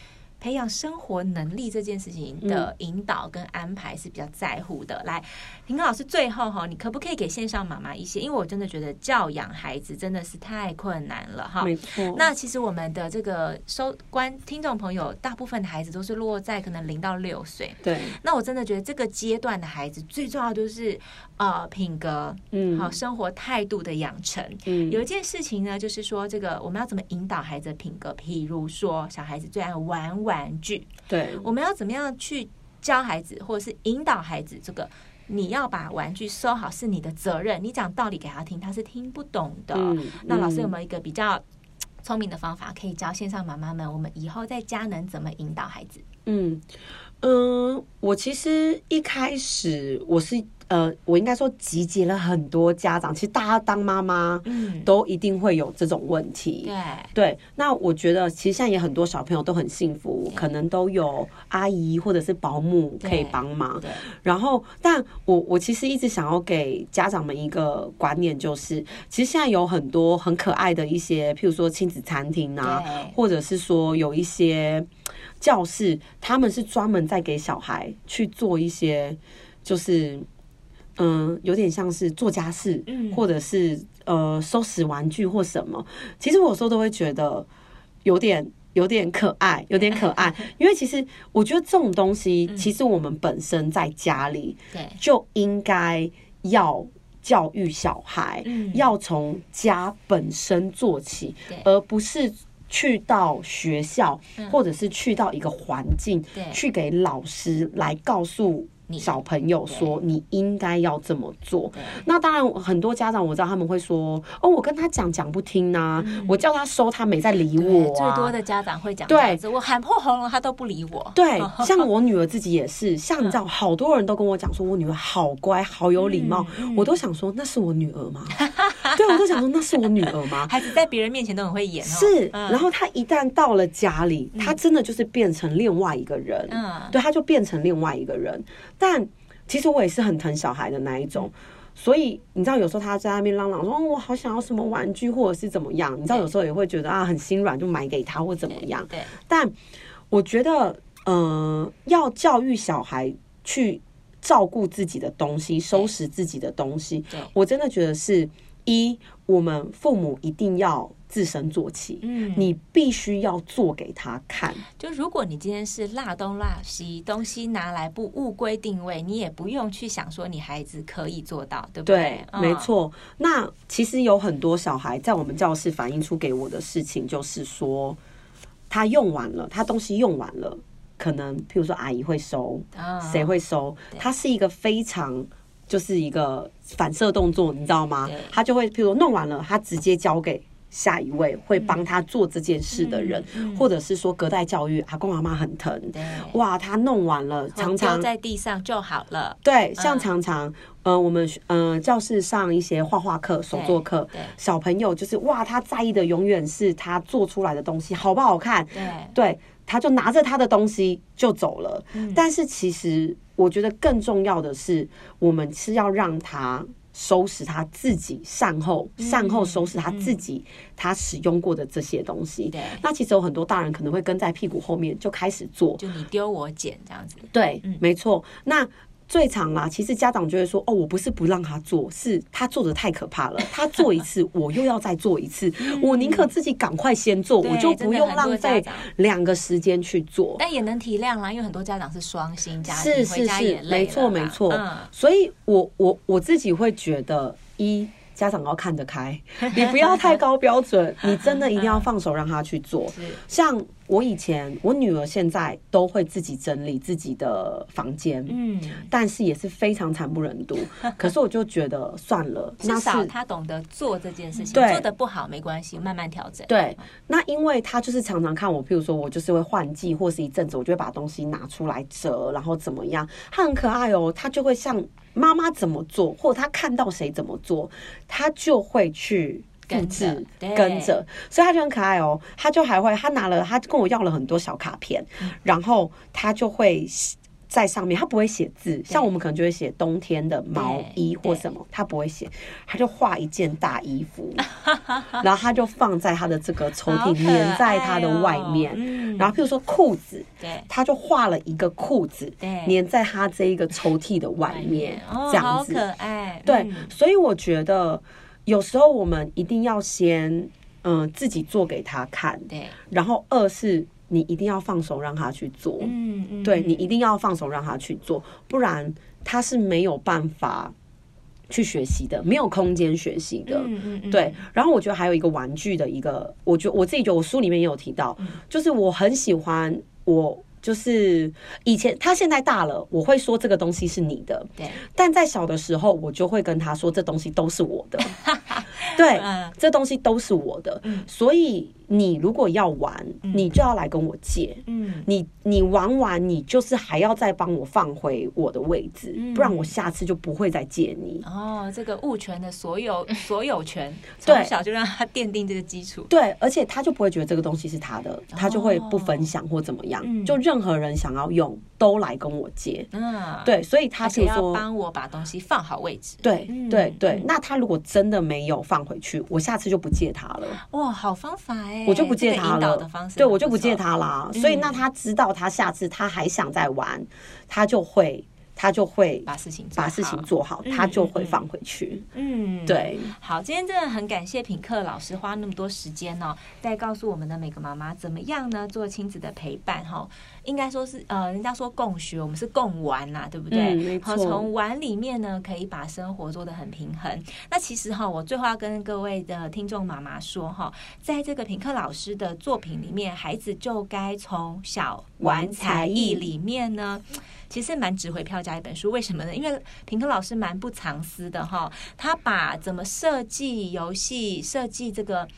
培養生活能力這件事情的引導跟安排是比較在乎的。嗯、來，品客老師，最後哈，你可不可以給線上媽媽一些？因為我真的覺得教養孩子真的是太困難了哈。沒錯錯。那其實我們的這個收觀聽眾朋友，大部分的孩子都是落在可能零到六歲。對。那我真的覺得這個階段的孩子最重要就是。呃，品格，嗯，好，生活態度的養成，嗯，有一件事情呢，就是說，這個我們要怎麼引導孩子的品格？譬如說，小孩子最愛玩玩具，對，我們要怎麼樣去教孩子，或者是引導孩子？這個你要把玩具收好是你的責任，你講道理給他聽，他是聽不懂的。嗯，嗯，那老師有沒有一個比較聰明的方法，可以教線上媽媽們，我們以後在家能怎麼引導孩子？嗯，呃，我其實一開始我是。呃，我應該說集結了很多家長，其實大家當媽媽，嗯，都一定會有這種問題，嗯、對對。那我覺得其實現在也很多小朋友都很幸福，嗯、可能都有阿姨或者是保姆可以幫忙。然後，但我我其實一直想要給家長們一個觀念，就是其實現在有很多很可愛的，一些譬如說親子餐廳啊，對或者是說有一些教室，他們是專門在給小孩去做一些，就是。嗯、呃，有點像是做家事，或者是呃收拾玩具或什麼。其實我有時候都會覺得有點有點可愛，有點可愛。因為其實我覺得這種東西，其實我們本身在家裡就應該要教育小孩，對 要從家本身做起，對 而不是去到學校、嗯、或者是去到一個環境對 去給老師來告訴。小朋友說你應該要這麼做。那當然，很多家長我知道他們會說：“哦，我跟他講講不聽吶，我叫他收，他沒再理我。”最多的家長會講這樣子，對，我喊破喉嚨他都不理我。對，像我女兒自己也是，像你知道，好多人都跟我講說，我女兒好乖，好有禮貌。我都想說，那是我女兒嗎？對，我都想說，那是我女兒嗎？孩子在別人面前都很會演，是。然後他一旦到了家裡，他真的就是變成另外一個人。嗯，對，他就變成另外一個人。但其實我也是很疼小孩的那一種，所以你知道有時候他在那邊嚷嚷說、哦“我好想要什麼玩具”或者是怎麼樣，你知道有時候也會覺得啊很心軟就買給他或怎麼樣。對，但我覺得，嗯、呃，要教育小孩去照顧自己的東西、收拾自己的東西，我真的覺得是一。我們父母一定要自身做起，嗯，你必須要做給他看。就如果你今天是亂東亂西，東西拿來不物歸定位，你也不用去想說你孩子可以做到，對不對？對哦、沒錯。那其實有很多小孩在我們教室反映出給我的事情，就是說他用完了，他東西用完了，可能譬如說阿姨會收，誰、哦、會收？對，他是一個非常。就是一個反射動作，你知道嗎？對他就會，譬如說弄完了，他直接交給下一位，嗯、會幫他做這件事的人，嗯嗯，或者是說隔代教育，阿公阿嬤很疼，對哇，他弄完了，常常在地上就好了。對，像常常，嗯呃、我們、呃、教室上一些畫畫課、手作課，小朋友就是哇，他在意的永遠是他做出來的東西好不好看？對。對他就拿着他的東西就走了，嗯、但是其實我覺得更重要的是，我們是要讓他收拾他自己，善後、嗯、善後收拾他自己，他使用過的這些東西。對，那其實有很多大人可能會跟在屁股後面就開始做，就你丟我撿這樣子。對，嗯、沒錯。那。最常啦，其實家長就會說：“哦，我不是不讓他做，是他做的太可怕了。他做一次， 我又要再做一次， 我寧可自己趕快先做，對我就不用浪費兩個時間去做。但也能體諒啦，因為很多家長是雙薪家庭，是是是，回家也累，沒錯沒錯。嗯，所以我我我自己會覺得一。”家長要看得開，你不要太高標準，你真的一定要放手讓他去做。像我以前，我女兒現在都會自己整理自己的房間，嗯，但是也是非常慘不忍睹。可是我就覺得算了，至少他懂得做這件事情，做得不好沒關係，慢慢調整。對，那因為他就是常常看我，譬如說我就是會換季或是一陣子，我就會把東西拿出來折，然後怎麼樣，她很可愛哦、喔，他就會像。媽媽怎麼做，或者他看到誰怎麼做，他就會去跟着跟着，跟着，所以他就很可愛哦。他就還會，他拿了，他跟我要了很多小卡片，嗯，然後他就會。在上面，他不會寫字，像我們可能就會寫冬天的毛衣或什麼，他不會寫，他就畫一件大衣服，然後他就放在他的這個抽屜，粘在他的外面。然後，譬如說褲子，他就畫了一個褲子，粘在他這一個抽屜的外面，這樣子。好可愛。對，所以我覺得有時候我們一定要先嗯自己做給他看，對，然後二是。你一定要放手讓他去做，嗯，嗯，對，你一定要放手讓他去做，不然他是沒有辦法去學習的，沒有空間學習的，嗯，嗯，對。然後我覺得還有一個玩具的一個，我覺得我自己覺得我書裡面也有提到，嗯、就是我很喜歡，我就是以前他現在大了，我會說這個東西是你的，對但在小的時候，我就會跟他說這東西都是我的， 對，嗯、這東西都是我的，嗯、所以。你如果要玩，你就要來跟我借。嗯，你你玩完，你就是還要再幫我放回我的位置，不然我下次就不會再借你。哦，這個物權的所有所有權，從小就讓他奠定這個基礎。對，而且他就不會覺得這個東西是他的，他就會不分享或怎麼樣。就任何人想要用，都來跟我借。嗯，對，所以他是要幫我把東西放好位置。對，對對。那他如果真的沒有放回去，我下次就不借他了。哇，好方法哎。欸、我就不借他了，對我就不借他啦、啊。嗯、所以那他知道，他下次他還想再玩，嗯、他就會他就會把事情把事情做好，做好嗯、他就會放回去。嗯，對嗯。好，今天真的很感謝品客老師花那麼多時間呢、哦，在告訴我們的每個媽媽怎麼樣呢做親子的陪伴哈、哦。應該說是呃，人家說共學，我們是共玩啦、啊，對不對？嗯、沒錯。好，從玩裡面呢，可以把生活做得很平衡。那其實哈、哦，我最後要跟各位的聽眾媽媽說哈、哦，在這個品客老師的作品裡面，孩子就該從小玩才藝裡面呢，其實蠻值回票價一本書。為什麼呢？因為品客老師蠻不藏私的哈、哦，他把怎麼設計遊戲、設計這個。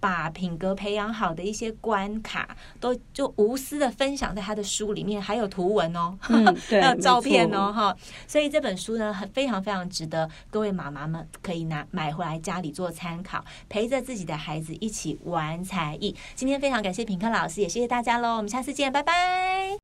把品格培養好的一些關卡，都就無私的分享在他的書裡面，還有圖文哦，嗯、還有照片哦，哈，沒錯，所以這本書呢，很非常非常值得各位媽媽們可以拿買回來家裡做參考，陪着自己的孩子一起玩才藝。今天非常感謝品客老師，也謝謝大家嘍，我們下次見，拜拜。